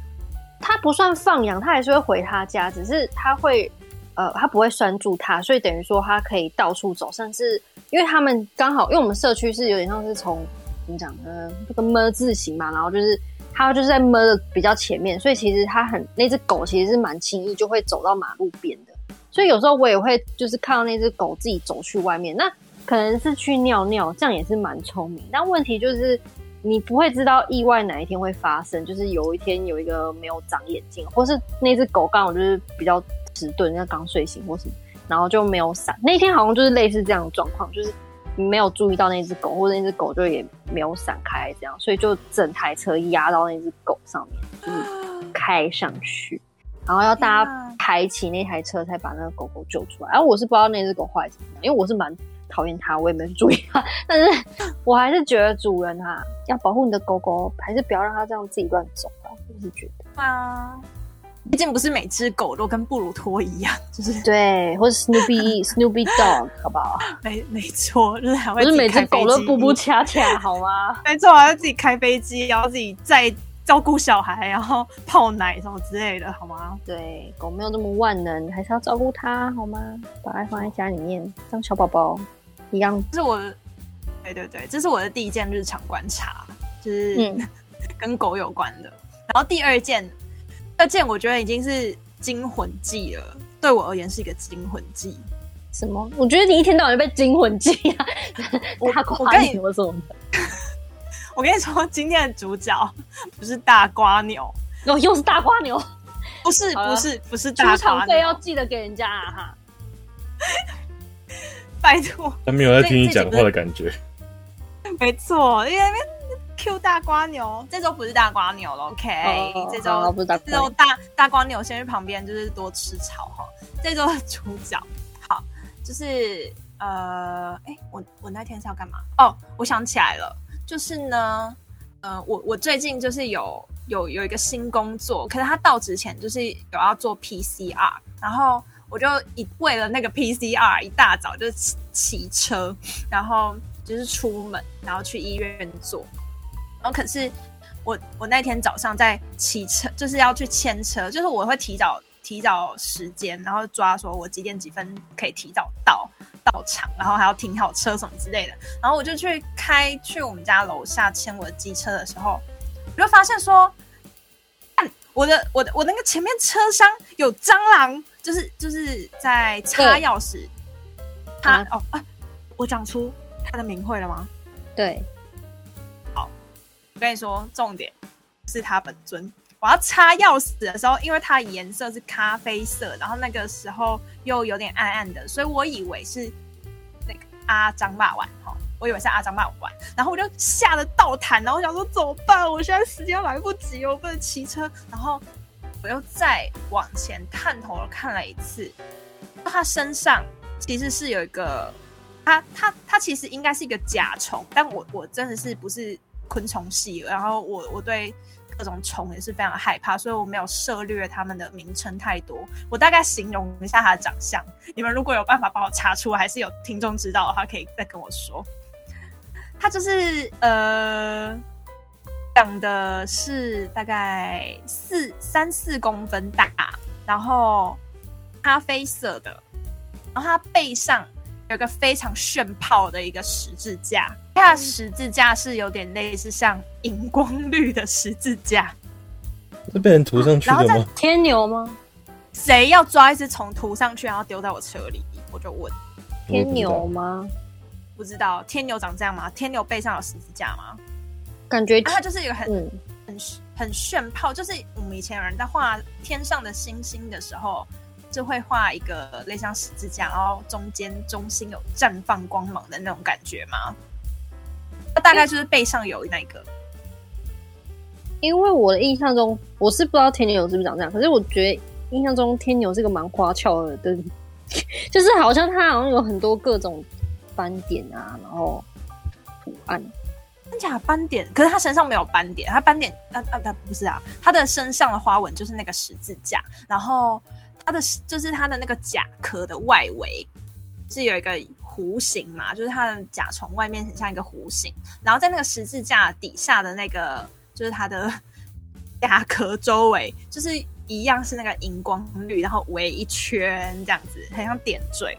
它不算放養，它還是會回他家，只是它會，呃，它不會拴住它，所以等於說它可以到處走，甚至因為他們剛好，因為我們社區是有點像是從怎麼講呢、呃，這個 ㄇ 字型嘛，然後就是它就是在 ㄇ 的比較前面，所以其實它很那隻狗其實是蠻輕易就會走到馬路邊的，所以有時候我也會就是看到那隻狗自己走去外面，那可能是去尿尿，這樣也是蠻聰明，但問題就是。你不會知道意外哪一天會發生，就是有一天有一個沒有長眼睛，或是那只狗剛好就是比較遲鈍，那剛睡醒或什麼，然後就沒有閃。那一天好像就是類似這樣的狀況，就是沒有注意到那只狗，或者那只狗就也沒有閃開，這樣，所以就整台車壓到那只狗上面，就是開上去，然後要大家抬起那台車才把那個狗狗救出來。然後，啊，我是不知道那只狗壞什麼，因為我是蠻。討厭他，我也沒注意他。但是我還是覺得主人哈、啊，要保護你的狗狗，還是不要讓它這樣自己亂走吧。我是，是覺得，啊，畢竟不是每隻狗都跟布魯托一樣，就是對，或者是 Snoopy Snoopy [laughs] Dog 好不好？沒沒錯啦，就是、是每隻狗都布布恰恰好嗎？沒錯，要自己開飛機，然後自己再照顧小孩，然後泡奶什麼之類的，好嗎？對，狗沒有那麼萬能，還是要照顧它，好嗎？把愛放在家裡面，當小寶寶。一樣，這是我的，對對對，這是我的第一件日常觀察，就是、嗯、跟狗有關的。然後第二件，第二件我覺得已經是驚魂記了，對我而言是一個驚魂記。什麼？我覺得你一天到晚就被驚魂記啊！我 [laughs] 大瓜牛什麼的我跟你，我跟你說，今天的主角不是大瓜牛，哦、又是大瓜牛，不是不是，了不是大瓜牛，出場費要記得給人家啊哈。拜託，他沒有在聽你講話的感覺。沒錯，因為 Q 大蝸牛這周不是大蝸牛了，OK？、Oh, 這周、oh, 這周大大蝸牛，牛先去旁邊，就是多吃草哈。這周主角好，就是呃，欸、我我那天是要幹嘛？哦，我想起來了，就是呢，呃，我我最近就是有有有一個新工作，可是他到職前就是有要做 PCR，然後。我就一為了那個 PCR，一大早就騎騎車，然後就是出門，然後去醫院做。然後可是我我那天早上在騎車，就是要去牽車，就是我會提早提早時間，然後抓說我幾點幾分可以提早到到場，然後還要停好車什麼之類的。然後我就去開去我們家樓下牽我的機車的時候，我就發現說，我的我的我的那個前面車廂有蟑螂。就是就是在插鑰匙，對他、啊、哦、啊、我講出他的名諱了嗎？對，好，我跟你說，重點是他本尊。我要插鑰匙的時候，因為它的顏色是咖啡色，然後那個時候又有點暗暗的，所以我以為是那個阿張罵玩哈，我以為是阿張罵玩，然後我就嚇得倒彈，然後我想說怎麼辦？我現在時間來不及，我不能騎車，然後。我又再往前探頭看了一次，他身上其實是有一個，他他他其實應該是一個甲蟲，但我我真的是不是昆蟲系，然後我我對各種蟲也是非常害怕，所以我沒有涉獵他們的名稱太多。我大概形容一下他的長相，你們如果有辦法幫我查出，還是有聽眾知道的話，可以再跟我說。他就是呃。長的是大概四三四公分大，然後咖啡色的，然後它背上有一個非常炫炮的一個十字架，它的十字架是有點類似像熒光綠的十字架。這是被人塗上去的嗎？啊，然後在天牛嗎？誰要抓一隻蟲塗上去然後丟在我車裡，我就問天牛嗎？不知道天牛長這樣嗎？天牛背上有十字架嗎？感覺、啊、它就是一個很、嗯、很很炫炮，就是我們以前有人在畫天上的星星的時候，就會畫一個類像十字架，然後中間中心有綻放光芒的那種感覺嗎？它大概就是背上有那個。因為我的印象中，我是不知道天牛是不是長這樣，可是我覺得印象中天牛是個蠻花俏的，對，就是好像它好像有很多各種斑點啊，然後圖案。真假斑點？可是它身上沒有斑點，它斑點……啊啊不是啊，它的身上的花紋就是那個十字架，然後它的就是它的那個甲殼的外圍是有一個弧形嘛，就是它的甲蟲外面很像一個弧形，然後在那個十字架底下的那個就是它的甲殼周圍，就是一樣是那個熒光綠，然後圍一圈這樣子，很像點綴。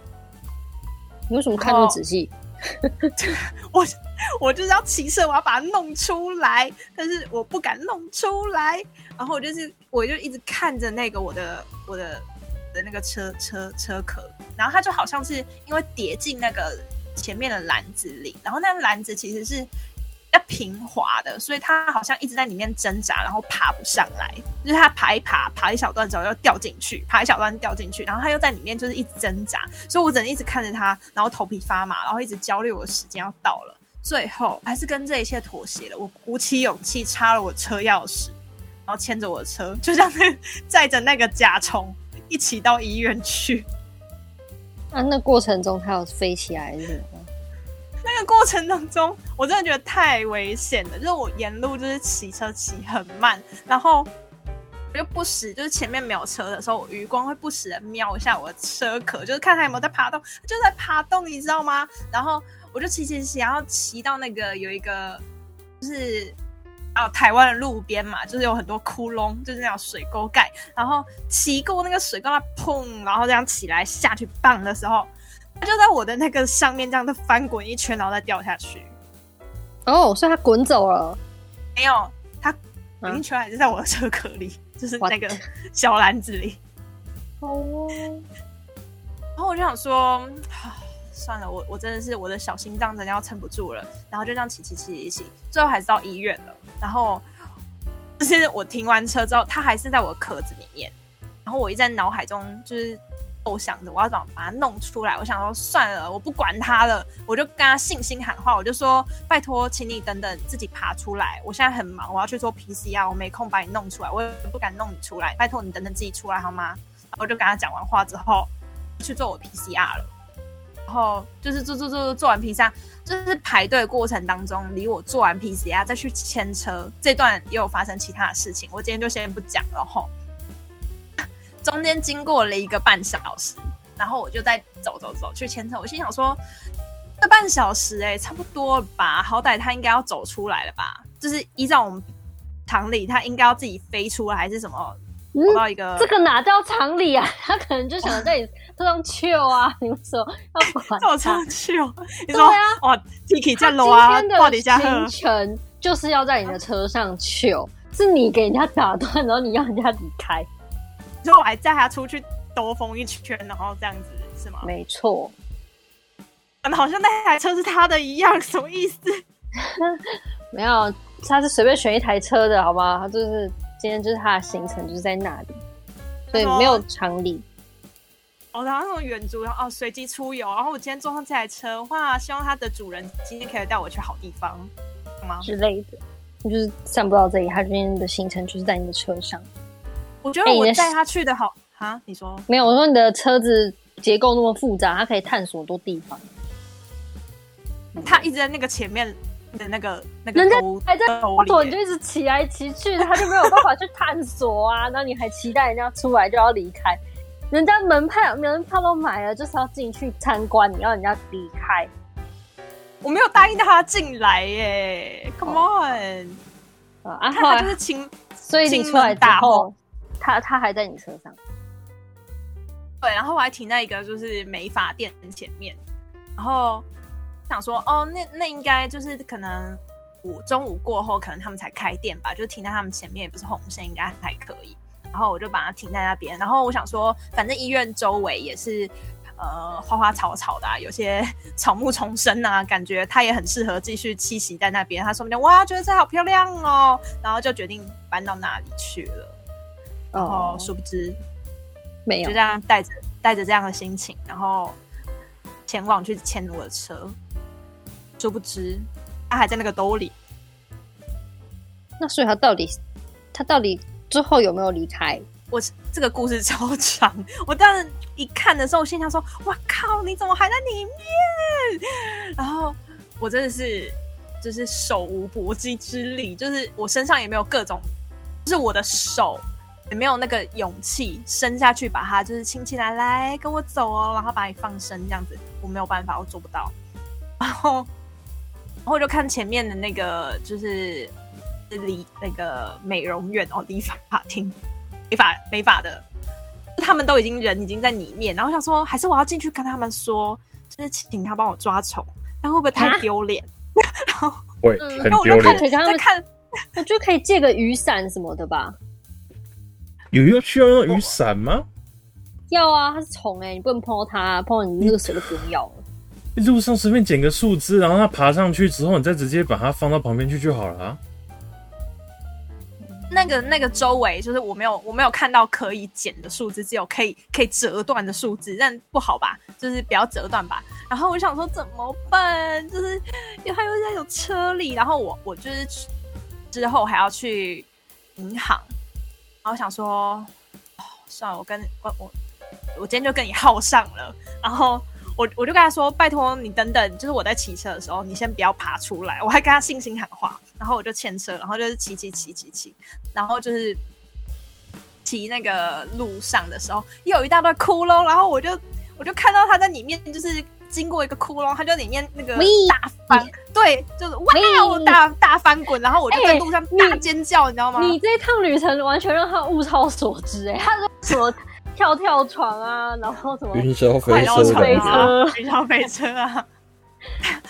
你為什麼看那麼仔細？ [laughs] [laughs] 我我就是要騎車，我要把它弄出來，但是我不敢弄出來。然後我就是我就一直看着那個我的我的我的那個車車車殼，然後它就好像是因為跌進那個前面的籃子裡，然後那個籃子其實是。要平滑的，所以他好像一直在裡面掙扎，然後爬不上來。就是他爬一爬，爬一小段之後又掉進去，爬一小段掉進去，然後他又在裡面就是一直掙扎。所以我只能一直看着他，然後頭皮發麻，然後一直焦慮我的時間要到了。最後還是跟這一切妥協了。我鼓起勇氣插了我車鑰匙，然後牽着我的車，就像是載着那個甲蟲一起到醫院去。啊，那過程中它有飛起來是那個過程當中，我真的覺得太危險了。就是我沿路就是騎車騎很慢，然後我就不時就是前面沒有車的時候，我餘光會不時的瞄一下我的車殼，就是看它有沒有在爬動，就在爬動，你知道嗎？然後我就騎騎騎，然後騎到那個有一個就是啊台灣的路邊嘛，就是有很多窟窿，就是那種水溝蓋，然後騎過那個水溝蓋，砰，然後這樣起來下去棒的時候。他就在我的那個上面，這樣子翻滾一圈，然後再掉下去。哦，oh, 所以它滾走了？沒有，它滾一圈還是在我的車殼裡，Huh? 就是那個小籃子裡。哦。What ? Oh. [laughs] 然後我就想說，算了，我我真的是我的小心臟真的要撐不住了。然後就這樣騎騎騎騎騎，最後還是到醫院了。然後，就是我停完車之後，它還是在我的殼子裡面。然後我一直在腦海中就是。我想着我要怎麼把它弄出來？我想說算了，我不管他了，我就跟他信心喊話，我就說拜托，請你等等自己爬出來。我現在很忙，我要去做 PCR，我沒空把你弄出來，我也不敢弄你出來。拜托你等等自己出來好嗎？然後我就跟他講完話之後去做我 PCR 了。然後就是做做做做，做完 PCR，就是排隊的過程當中，離我做完 PCR 再去牽車這段，也有發生其他的事情，我今天就先不講了吼。中間經過了一個半小時，然後我就在走走走去牽車。我心想說，這半小時哎、欸，差不多吧，好歹他應該要走出來了吧？就是依照我們常理，他應該要自己飛出來還是什麼？跑到一個、嗯、這個哪叫常理啊？他可能就想在你車上 chill 啊，哇你們說要管他 chill？ [laughs] chill，你說對啊，哇，天氣這麼爛啊，他今天的行程就是要在你的車上 chill，啊，是你給人家打斷，然後你要人家離開。之後還載他出去兜風一圈，然後這樣子是嗎？沒錯錯、嗯，好像那台車是他的一樣，什麼意思？ [laughs] 沒有，他是隨便選一台車的，好不好？他就是今天就是他的行程、嗯、就是在那裡，所以、嗯、沒有常理。哦，然後那種遠足，然後哦，隨機出遊，然後我今天坐上這台車的話，希望他的主人今天可以帶我去好地方是嗎？之類的，就是想不到這裡，他今天的行程就是在你的車上。我覺得我帶他去的好哈、欸，你說沒有？我說你的車子結構那麼複雜，他可以探索多地方。他一直在那個前面的那個、嗯、那個，人家還在頭裡，你就一直騎來騎去，他就沒有辦法去探索啊！那 [laughs] 你還期待人家出來就要離開？人家門派、門票都買了，就是要進去參觀，你要人家離開？我沒有答應到他進來耶、哦、！Come on，、哦、啊，他就是請，啊、所以你出來大吼。他他還在你車上，對，然後我還停在一個就是美髮店前面，然後想說，哦，那那應該就是可能五中午過後，可能他們才開店吧，就停在他們前面，也不是紅線，應該還可以。然後我就把它停在那邊，然後我想說，反正醫院周圍也是呃花花草草的、啊，有些草木叢生啊，感覺它也很適合繼續棲息在那邊。他說不定：“哇，覺得這好漂亮哦。”然後就決定搬到那裡去了。然後，殊不知，沒有、oh, 就這樣帶着帶着這樣的心情，然後前往去牽我的車。殊不知，他還在那個兜裡。那所以，他到底，他到底之後有沒有離開？我這個故事超長。我當時一看的時候，我心想說：“哇靠，你怎麼還在裡面？”然後我真的是就是手無縛雞之力，就是我身上也沒有各種，就是我的手。也沒有那個勇氣伸下去，把他，就是牽起來，來，來跟我走哦，然後把你放生這樣子，我沒有辦法，我做不到。然後，然後就看前面的那個，就是離那個美容院哦，理髮廳，理髮美髮的，他們都已經人已經在裡面，然後想說，還是我要進去跟他們說，就是請他幫我抓蟲，但會不會太丟臉？蛤然後會很丟臉在看，我就可以借個雨傘什麼的吧。有用需要用雨傘嗎、哦？要啊，它是蟲哎、欸，你不能碰到它，碰到你那個蛇就不用要了。路上隨便撿個樹枝，然後它爬上去之後，你再直接把它放到旁邊去就好了，啊，那個。那個那個周圍就是我沒有我沒有看到可以撿的樹枝，只有可以可以折斷的樹枝，但不好吧，就是不要折斷吧。然後我想說怎麼辦，就是還有有車裡，然後我我就是之後還要去銀行。然後我想說，哦，算了，我跟我我我今天就跟你耗上了。然後我我就跟他說，拜托你等等，就是我在騎車的時候，你先不要爬出來。我還跟他信心喊話。然後我就牽車，然後就是騎騎騎騎騎，然後就是騎那個路上的時候，又有一大段窟窿，然後我就我就看到他在裡面，就是。經過一個窟窿，它就裡面那個大翻，對，就是哇，哦，大大翻滾，然後我就在路上大尖叫，你知道嗎？你這趟旅程完全讓他物超所值，哎，他說什麼跳跳床啊，然後什麼雲霄飛車，雲霄飛車啊，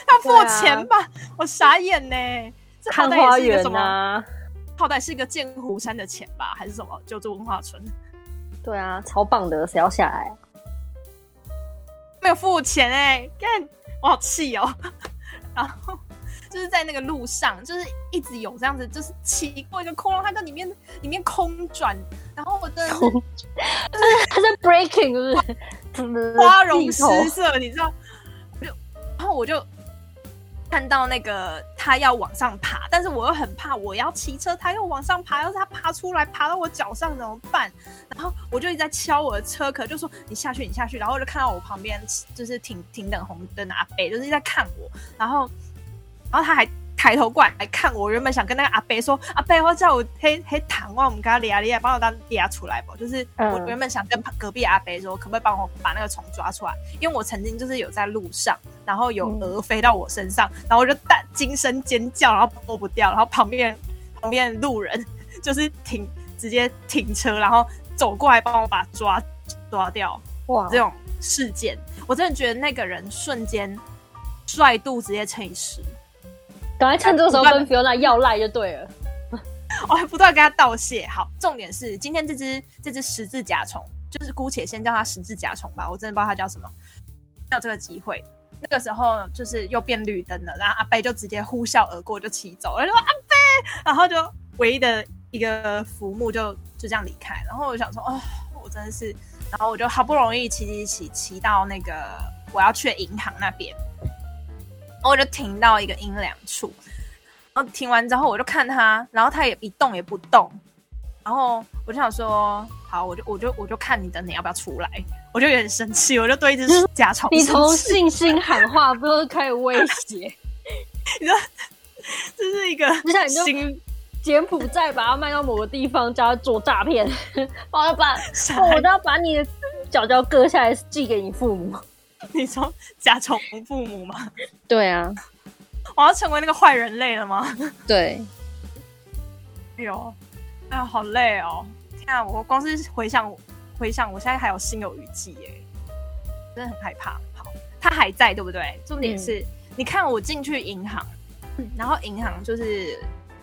要付錢吧？我傻眼呢，這好歹也是一個什麼，好歹是一個劍湖山的錢吧，還是什麼？就是文化村，對啊，超棒的，誰要下來？沒有付錢哎、欸，看我好氣哦！然後就是在那個路上，就是一直有這樣子，就是騎過一個空，它在裡面裡面空轉，然後我的， [laughs] 就是、它是 breaking，就是花，花容失色，球你知道？就，然後我就。看到那個他要往上爬，但是我又很怕，我要騎車，他又往上爬，要是他爬出來，爬到我腳上怎麼辦？然後我就一直在敲我的車殼，就說：“你下去，你下去。”然後就看到我旁邊就是停停等紅燈的阿伯就是一直在看我。然後，然後他還抬頭過來看我。原本想跟那個阿伯說：“嗯、阿伯我叫我黑黑糖，我們跟他利啊利啊，我幫我當利亞出來不？”就是我原本想跟隔壁阿伯說，可不可以幫我把那個蟲抓出來？因為我曾經就是有在路上。然後有蛾飛到我身上，嗯、然後我就大驚聲尖叫，然後脫不掉，然後旁邊旁邊路人就是停直接停車，然後走過來幫我把他抓抓掉。哇！這種事件，我真的覺得那個人瞬間帥度直接乘以十。趕快趁這個時候跟 Fiona 要賴就對了，還不斷的 [laughs] 我還不斷跟他道謝。好，重點是今天這隻這隻十字甲蟲，就是姑且先叫它十字甲蟲吧，我真的不知道它叫什麼。要這個機會。那個時候就是又變綠燈了，然後阿貝就直接呼嘯而過，就騎走了，說阿貝然後就唯一的一個浮木就就這樣離開。然後我想說，啊、哦，我真的是，然後我就好不容易騎騎騎騎到那個我要去的銀行那邊，然後我就停到一個陰涼處，然後停完之後我就看他，然後他也一動也不動。然後我就想說，好，我就我就我就看你的臉要不要出來，我就有點生氣，我就對着甲蟲你從信心喊話，不是開始威脅？ [laughs] [laughs] 你說這是一個你想你從柬埔寨把它賣到某個地方叫，叫他做詐騙，我要把，我都要把你的腳腳割下來寄給你父母？你從甲蟲父母嗎？對啊，我要成為那個壞人類了嗎？對，呦哎呀，好累哦！天啊，我光是回想回想，我現在還有心有餘悸耶，真的很害怕。好，他還在，對不對？重點是，嗯，你看我進去銀行，然後銀行就是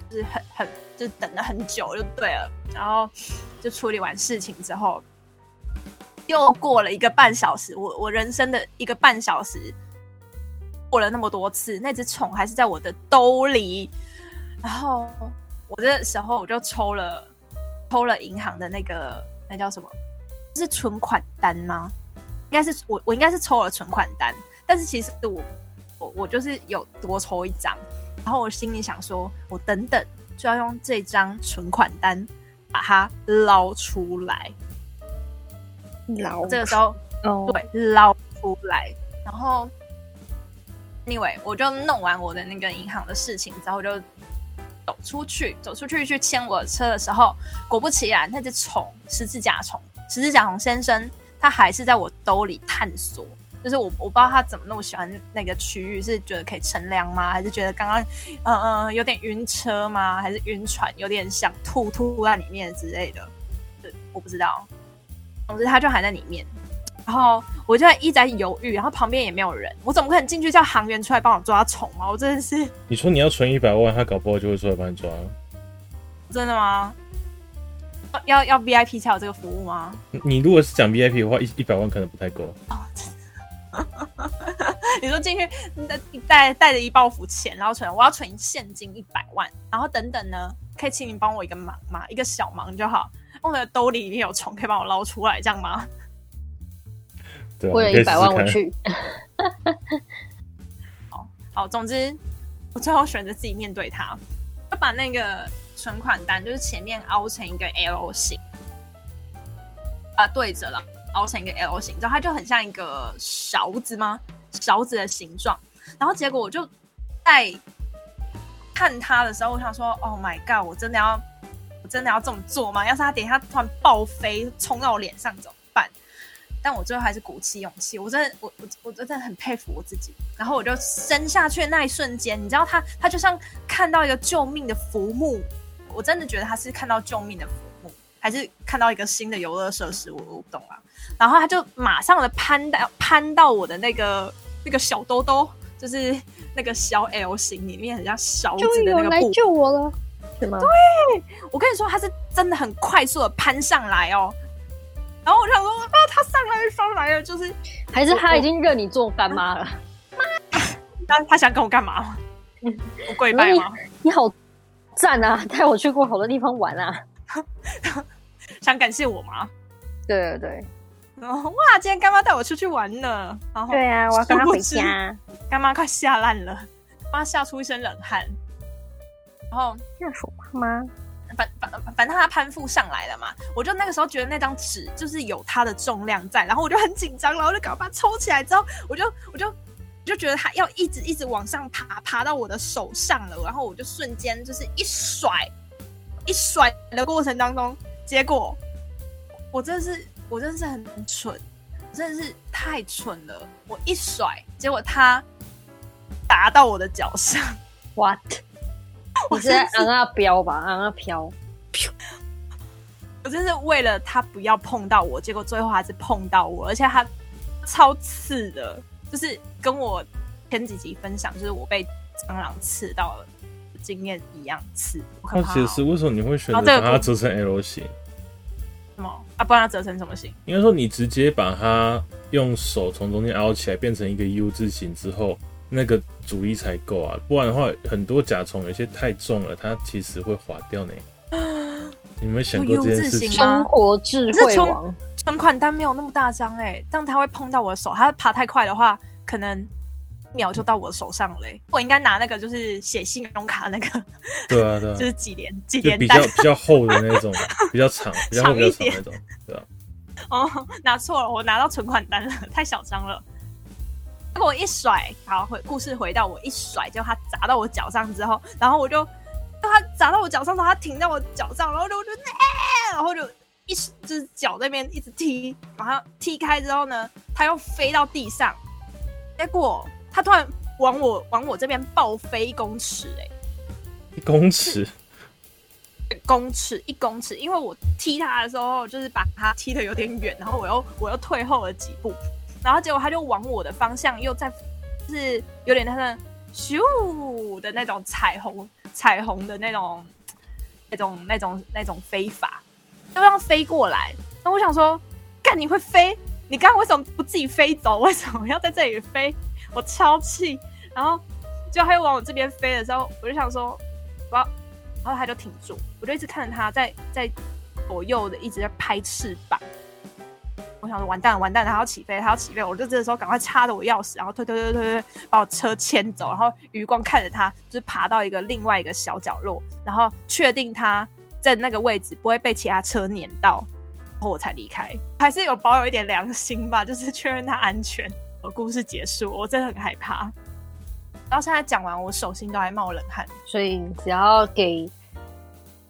就是很很就等了很久，就對了。然後就處理完事情之後，又過了一個半小時，我我人生的一個半小時過了那麼多次，那只蟲還是在我的兜裡，然後。我這時候我就抽了，抽了銀行的那個，那叫什麼？是存款單嗎？應該是我，我應該是抽了存款單，但是其實我，我我就是有多抽一張，然後我心裡想說，我等等就要用這張存款單把它撈出來。撈，No. 這個時候對 No. 撈出來，然後因為、anyway, 我就弄完我的那個銀行的事情之後就，走出去，走出去去牽我的車的時候，果不其然，那隻蟲十字甲蟲，十字甲蟲先生，他還是在我兜裡探索。就是我我不知道他怎麼那麼喜歡那個區域，是覺得可以乘涼嗎？還是覺得剛剛嗯嗯有點暈車嗎？還是暈船有點想吐吐在裡面之類的？對，我不知道。總之，他就還在裡面。然後我就一直在猶豫，然後旁邊也沒有人，我怎麼可能進去叫行員出來幫我抓蟲嗎？我真的是……你說你要存一百萬，他搞不好就會出來幫你抓？真的嗎？要要 VIP 才有這個服務嗎？你如果是講 VIP 的話，一一百萬可能不太夠 [laughs] 你說進去，你你帶帶帶着一包袱錢，然後存，我要存現金一百萬，然後等等呢，可以請你幫我一個忙嗎？一個小忙就好，我的兜裡裡面有蟲，可以幫我撈出來，這樣嗎？為了一百萬，我去對。好好，總之，我最後選擇自己面對他。就把那個存款單，就是前面凹成一個 L 型，啊、呃，對着了，凹成一個 L 型，然後它就很像一個勺子嗎？勺子的形狀。然後結果，我就在看他的時候，我想說：“Oh my god！我真的要，我真的要這麼做嗎？要是他等一下突然爆飛，衝到我臉上走。”但我最後還是鼓起勇氣，我真的，我我我真的很佩服我自己。然後我就伸下去的那一瞬間，你知道他，他就像看到一個救命的浮木，我真的覺得他是看到救命的浮木，還是看到一個新的遊樂設施，我都不懂啊。然後他就馬上的攀到攀到我的那個那個小兜兜，就是那個小 L 型裡面，很像小個。終於有人來救我了！什麼？對，是嗎？我跟你說，他是真的很快速的攀上來哦。然後我想說啊，他上來就上來了，就是還是他已經認你做乾媽了。啊、媽，他、啊、他想跟我幹嘛？嗯、我跪拜嗎你？你好讚啊！帶我去過好多地方玩啊！想感謝我嗎？對對對！哇，今天乾媽帶我出去玩呢。然後對啊，我要跟他回家。乾媽快嚇爛了，媽嚇出一身冷汗。然後要說話嗎？反反反正他攀附上來了嘛，我就那個時候覺得那張紙就是有它的重量在，然後我就很緊張，然後我就趕快把它抽起來，之後我就我就我就覺得它要一直一直往上爬，爬到我的手上了，然後我就瞬間就是一甩，一甩的過程當中，結果我真的是我真的是很蠢，真的是太蠢了，我一甩，結果他砸到我的腳上，what？我是在讓它飄吧，讓它飄。我真是為了它不要碰到我，結果最後還是碰到我，而且它超刺的，就是跟我前幾集分享，就是我被蟑螂刺到了經驗一樣刺。那其實為什麼你會選擇把它折成 L 型？啊這個、什麼啊？不然它折成什麼型？應該說你直接把它用手從中間凹起來，變成一個 U 字形之後。那個主意才夠啊，不然的話，很多甲蟲有些太重了，它其實會滑掉，啊、你你們想過這件事嗎？全國智慧存款單沒有那麼大張哎，欸，但它會碰到我的手。它爬太快的話，可能秒就到我手上了，欸。我應該拿那個，就是寫信用卡那個。對啊，對啊，就是幾年幾年比較比較厚的那種， [laughs] 比較長，長一點那種。對啊。哦，拿錯了，我拿到存款單了，太小張了。結果我一甩，然後回故事回到我一甩，就他砸到我腳上之後，然後我就，他砸到我腳上然後，他停在我腳上，然後我就，欸、然後就一只、就是、腳那邊一直踢，把它踢開之後呢，他又飛到地上，結果他突然往我往我這邊爆飛一公尺、欸，哎，一公尺，一公尺，一公尺，因為我踢他的時候就是把他踢的有點遠，然後我又我又退後了幾步。然後結果他就往我的方向又在，是有點那種咻的那種彩虹彩虹的那種那種那種那種，那種飛法，就這樣飛過來。那我想說，幹你會飛？你剛剛為什麼不自己飛走？為什麼要在這裡飛？我超氣！然後，結果他又往我這邊飛的時候，我就想說，我要……然後他就停住，我就一直看着他在，在在左右的一直在拍翅膀。我想說完蛋了完蛋了，他要起飛，他要起飛，我就這個時候趕快掐著我鑰匙，然後推推推推推把我車牽走，然後餘光看着他，就是爬到一個另外一個小角落，然後確定他在那個位置不會被其他車碾到，然後我才離開，還是有保有一點良心吧，就是確認他安全。我故事結束，我真的很害怕，到現在講完，我手心都還冒冷汗。所以只要給。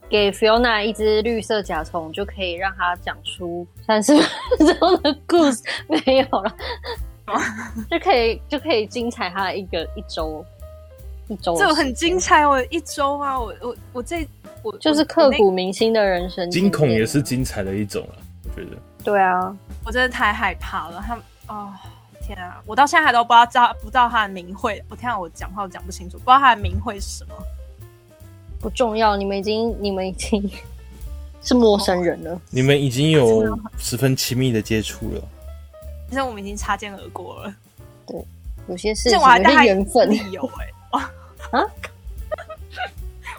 給 Fiona 一隻綠色甲蟲，就可以讓他講出三十分鐘的故事，沒有了， [laughs] 就可以就可以精彩他的一個一周，一周，這很精彩。我一周啊，我我我這我就是刻骨銘心的人生。驚恐也是精彩的一種啊，我覺得。對啊，我真的太害怕了。他哦天啊，我到現在還都不知道，不知道他的名諱。我天啊，我講話我講不清楚，不知道他的名諱是什麼。不重要，你們已經你們已經是陌生人了。哦、你們已經有十分親密的接觸了，現在我們已經擦肩而過了。對，有些事情，情我還帶緣分有哎、欸，啊！ [laughs]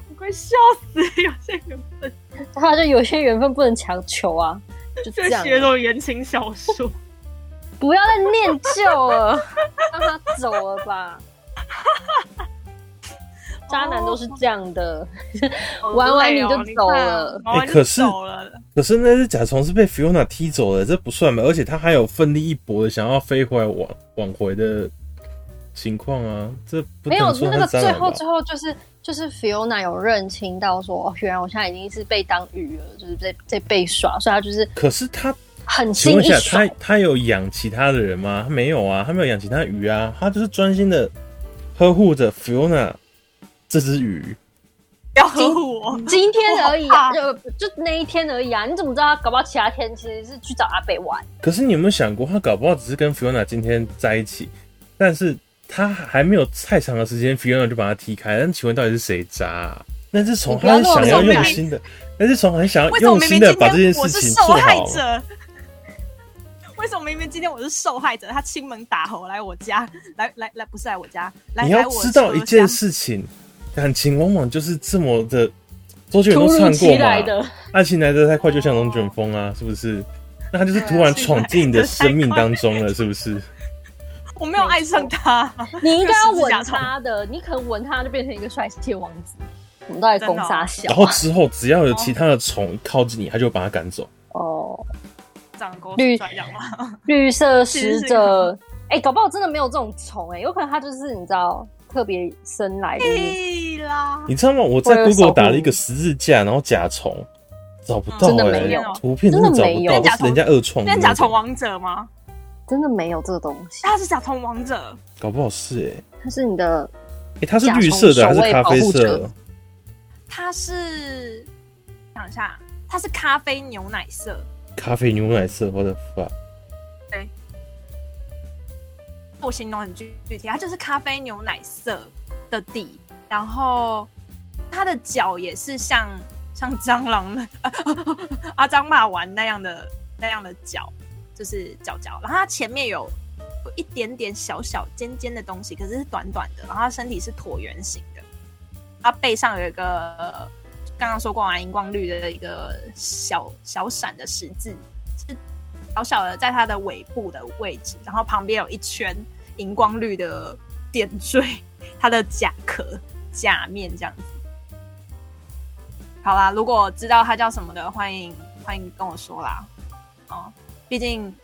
我快笑死了，有些緣分，他就有些緣分不能強求啊，就這樣。再寫這種言情小說， [laughs] 不要再念舊了， [laughs] 讓他走了吧。 [laughs] 渣男都是這樣的，玩、哦、 [laughs] 完，完你就走了。哎、欸，可是可是那隻甲蟲是被 Fiona 踢走了，這不算吧？而且他還有奮力一搏的想要飛回來挽挽回的情況啊！這不說沒有，就那個最後最後就是就是 Fiona 有認清到說，哦，原來我現在已經是被當魚了，就是在在被耍，所以他就是。可是他很辛苦。請問一下，他他有養其他的人嗎？他沒有啊，他沒有養其他魚啊，他就是專心的呵護着 Fiona。這隻魚，要我今，今天而已啊，就、呃、就那一天而已啊！你怎麼知道他搞不好其他天其實是去找阿北玩？可是你有沒有想過，他搞不好只是跟 Fiona 今天在一起，但是他還沒有太長的時間，Fiona 就把他踢開。但請問到底是誰渣？啊？那是從他想要用心的，那是從很想要用心的把這件事情做好。為什麼明明今天我是受害者？好為什麼明明今天我是受害者？他親門打吼來我家，來來來，不是來我家，來來我，你要知道一件事情。感情往往就是這麼的，周杰倫都唱過來的愛情來的太快，就像龍捲風啊，是不是？那他就是突然闖進你的生命當中了，是不是？我沒有愛上他，你應該要吻他的，你可能吻他就變成一個帥氣王子。我們都在封殺小，然後之後只要有其他的蟲靠近你，他就把他趕走。哦、呃，綠、綠色使者，哎、欸，搞不好真的沒有這種蟲，哎，有可能他就是你知道。特別深來的，啦你知道嗎？我在 Google 打了一個十字架，然後甲蟲找不到，欸，了沒有圖片，真的沒有。人家二創、那個，甲蟲王者嗎？真的沒有這個東西。他是甲蟲王者，搞不好是哎、欸，他是你的，哎、欸，它是綠色的還是咖啡色？它是，等一下，它是咖啡牛奶色，咖啡牛奶色或者粉。我的我形容很具具體，它就是咖啡牛奶色的底，然後它的腳也是像像蟑螂，呵呵阿張罵完那樣的那樣的腳，就是腳腳，然後它前面有，有一點點小小尖尖的東西，可是是短短的，然後它身體是橢圓形的，它背上有一個剛剛說過啊，熒光綠的一個小小閃的十字。小小的，在它的尾部的位置，然後旁邊有一圈熒光綠的點綴，它的甲殼、甲面這樣子。好啦，如果知道它叫什麼的，歡迎歡迎跟我說啦。哦，畢竟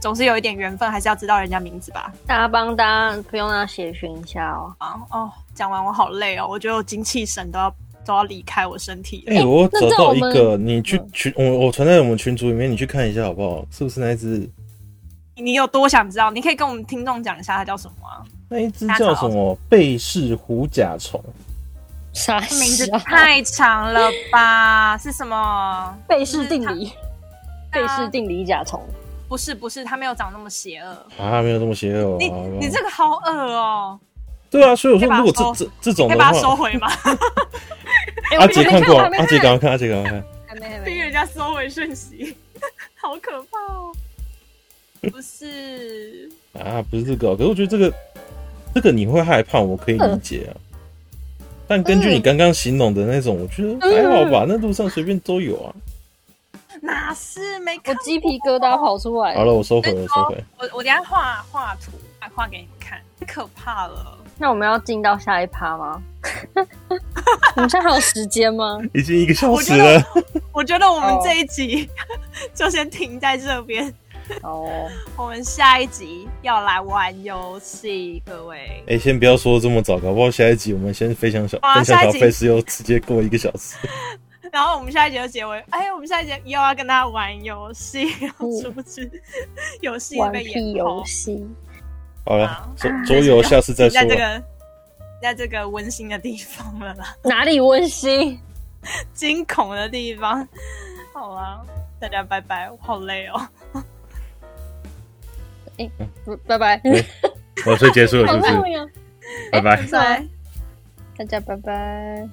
總是有一點緣分，還是要知道人家名字吧。大家幫大家不用那寫一下哦，哦。講完我好累哦，我覺得我精氣神都要。都要離開我身體。哎，我找到一個，你去群，我我存在我們群組裡面，你去看一下好不好？是不是那一隻？你有多想知道？你可以跟我們聽眾講一下，它叫什麼？那一隻叫什麼？貝氏虎甲蟲？啥名字太長了吧？是什麼？貝氏定理？貝氏定理甲蟲？不是不是，它沒有長那麼邪惡啊，沒有那麼邪惡。你你這個好惡哦。對啊，所以我說，如果這這這種的話，你把它收回嗎？阿杰看過，阿杰趕快看，阿杰趕快看，還沒還沒逼人家收回訊息，好可怕哦！不是啊，不是這個，可是我覺得這個這個你會害怕，我可以理解啊。但根據你剛剛形容的那種，我覺得還好吧，那路上隨便都有啊。哪是沒？我雞皮疙瘩跑出來。好了，我收回了，收回。我我等下畫畫圖，畫畫給你看，太可怕了。那我們要進到下一趴嗎？我 [laughs] 們現在還有時間嗎？ [laughs] 已經一個小時了我。我覺得我們這一集，oh. [laughs] 就先停在這邊哦。 [laughs] oh. 我們下一集要來玩遊戲，各位。哎，欸，先不要說這麼早，搞不好下一集我們先，啊，分享小分享小費時又直接過一個小時。 [laughs] 然後我們下一集就結尾。哎，欸，我們下一集又要跟大家玩遊戲，殊 [laughs] 不知遊戲被延後好了，好，桌遊、呃、下次再說。在、這個。在這個，在這個溫馨的地方了啦，哪裡溫馨？哦、驚恐的地方。好了，啊，大家拜拜，我好累哦。欸、嗯、拜拜。欸、我說結束了是不是？啊、欸、拜拜，大家拜拜。